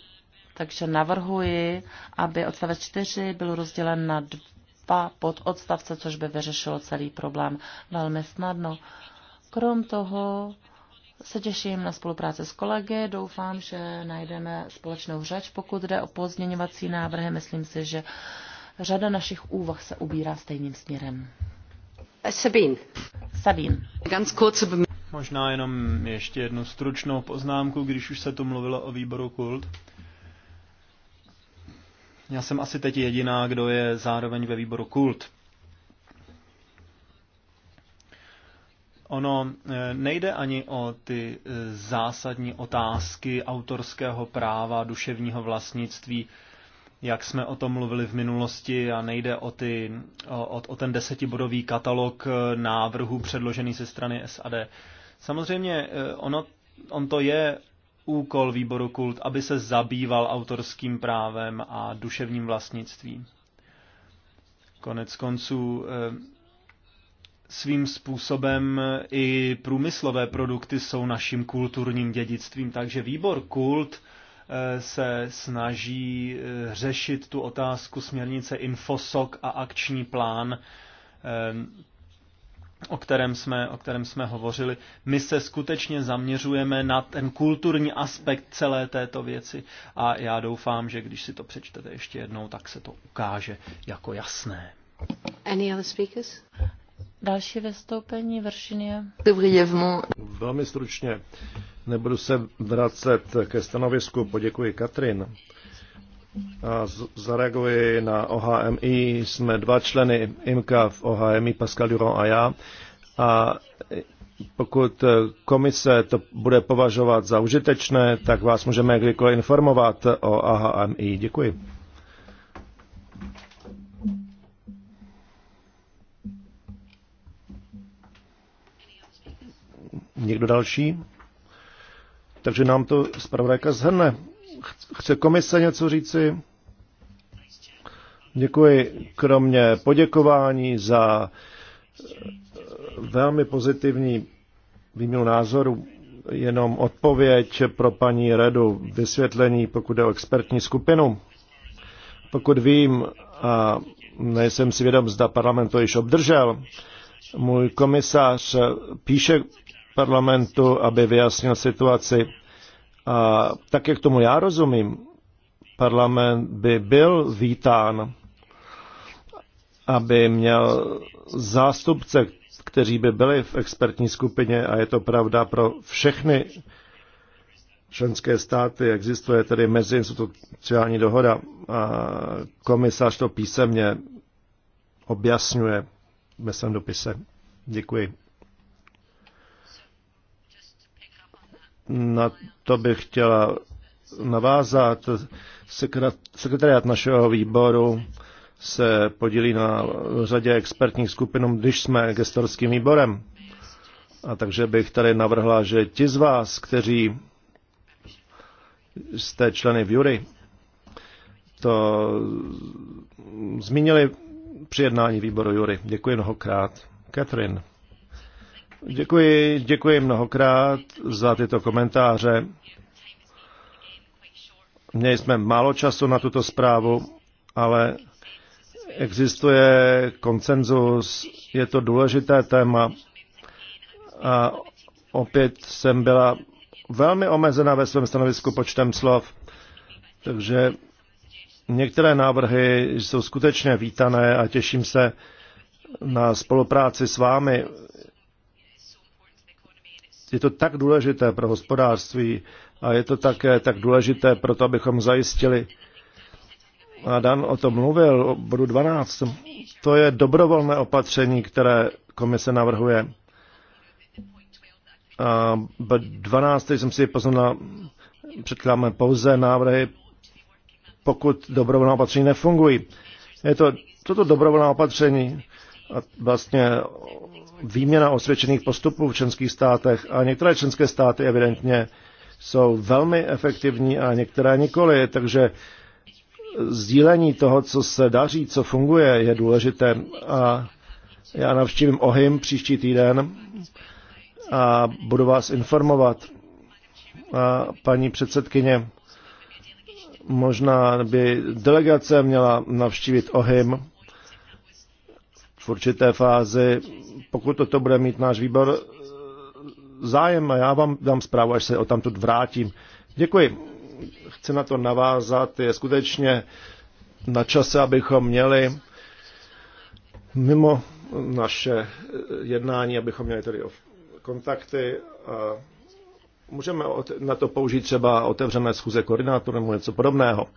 Takže navrhuji, aby odstavec 4 byl rozdělen na pod odstavce, což by vyřešilo celý problém velmi snadno. Krom toho se těším na spolupráci s kolegy. Doufám, že najdeme společnou řeč. Pokud jde o pozměňovací návrhy, myslím si, že řada našich úvah se ubírá stejným směrem. Sabine.
Sabine. Ganz kurze Možná jenom ještě jednu stručnou poznámku, když už se tu mluvilo o výboru Kult. Já jsem asi teď jediná, kdo je zároveň ve výboru Kult. Ono eh, nejde ani o ty eh, zásadní otázky autorského práva, duševního vlastnictví, jak jsme o tom mluvili v minulosti a nejde o, ty, o, o ten desetibodový katalog eh, návrhů předložený ze strany SAD. Samozřejmě ono, on to je úkol výboru Kult, aby se zabýval autorským právem a duševním vlastnictvím. Konec konců eh, svým způsobem i průmyslové produkty jsou naším kulturním dědictvím, takže výbor Kult eh, se snaží eh, řešit tu otázku směrnice Infosok a akční plán o kterém, jsme, o kterém jsme hovořili. My se skutečně zaměřujeme na ten kulturní aspekt celé této věci a já doufám, že když si to přečtete ještě jednou, tak se to ukáže jako jasné.
Any other speakers? Další vystoupení, Vršinie.
Velmi stručně. Nebudu se vracet ke stanovisku. Poděkuji Katrin zareaguji na OHMI. Jsme dva členy IMKA v OHMI, Pascal Duron a já. A pokud komise to bude považovat za užitečné, tak vás můžeme kdykoliv informovat o AHMI. Děkuji. Někdo další? Takže nám to zpravodajka zhrne. Chce komise něco říci? Děkuji kromě poděkování za eh, velmi pozitivní výměnu názoru. Jenom odpověď pro paní Redu, vysvětlení, pokud je o expertní skupinu. Pokud vím, a nejsem si vědom, zda parlament to již obdržel, můj komisář píše parlamentu, aby vyjasnil situaci a tak, jak tomu já rozumím, parlament by byl vítán, aby měl zástupce, kteří by byli v expertní skupině, a je to pravda pro všechny členské státy, existuje tedy meziinstitucionální dohoda a komisař to písemně objasňuje ve svém dopise. Děkuji. na to bych chtěla navázat. Sekretariat našeho výboru se podílí na řadě expertních skupin, když jsme gestorským výborem. A takže bych tady navrhla, že ti z vás, kteří jste členy v jury, to zmínili při jednání výboru jury. Děkuji mnohokrát. Catherine. Děkuji, děkuji mnohokrát za tyto komentáře. Měli jsme málo času na tuto zprávu, ale existuje konsenzus, je to důležité téma a opět jsem byla velmi omezena ve svém stanovisku počtem slov, takže některé návrhy jsou skutečně vítané a těším se na spolupráci s vámi je to tak důležité pro hospodářství a je to také tak důležité pro to, abychom zajistili, a Dan o tom mluvil, o bodu 12, to je dobrovolné opatření, které komise navrhuje. A 12, teď jsem si poznal, předkládáme pouze návrhy, pokud dobrovolná opatření nefungují. Je to toto dobrovolná opatření a vlastně výměna osvědčených postupů v členských státech a některé členské státy evidentně jsou velmi efektivní a některé nikoli, takže sdílení toho, co se daří, co funguje, je důležité. A já navštívím OHIM příští týden a budu vás informovat. A paní předsedkyně, možná by delegace měla navštívit OHIM v určité fázi, pokud toto bude mít náš výbor eh, zájem, a já vám dám zprávu, až se o tamtud vrátím. Děkuji. Chci na to navázat. Je skutečně na čase, abychom měli mimo naše jednání, abychom měli tedy kontakty. A můžeme na to použít třeba otevřené schůze koordinátorů nebo něco podobného.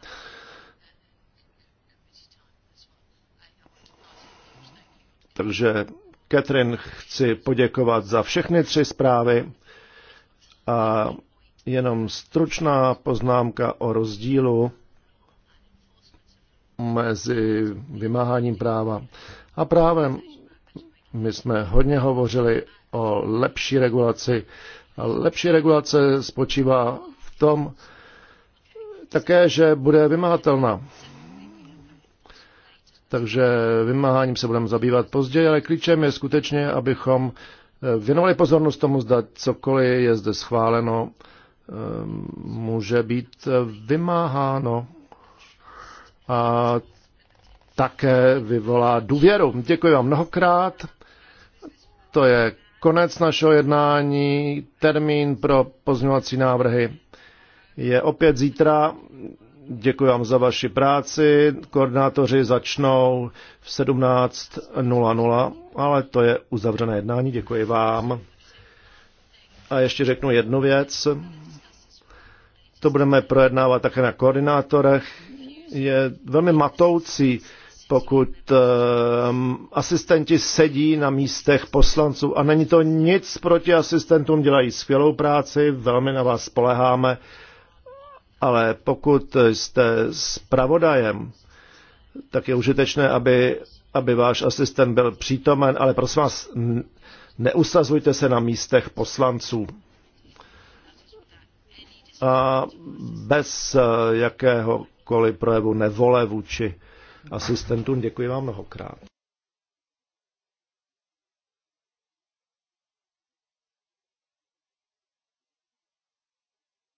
Takže Katrin, chci poděkovat za všechny tři zprávy a jenom stručná poznámka o rozdílu mezi vymáháním práva a právem. My jsme hodně hovořili o lepší regulaci. A lepší regulace spočívá v tom také, že bude vymahatelná takže vymáháním se budeme zabývat později, ale klíčem je skutečně, abychom eh, věnovali pozornost tomu, zda cokoliv je zde schváleno, eh, může být eh, vymáháno a také vyvolá důvěru. Děkuji vám mnohokrát. To je konec našeho jednání. Termín pro pozměňovací návrhy je opět zítra Děkuji vám za vaši práci. Koordinátoři začnou v 17.00, ale to je uzavřené jednání. Děkuji vám. A ještě řeknu jednu věc. To budeme projednávat také na koordinátorech. Je velmi matoucí, pokud um, asistenti sedí na místech poslanců. A není to nic proti asistentům, dělají skvělou práci, velmi na vás spoleháme ale pokud jste s pravodajem, tak je užitečné, aby, aby váš asistent byl přítomen, ale prosím vás, neusazujte se na místech poslanců. A bez eh, jakéhokoliv projevu nevole vůči asistentům. Děkuji vám mnohokrát.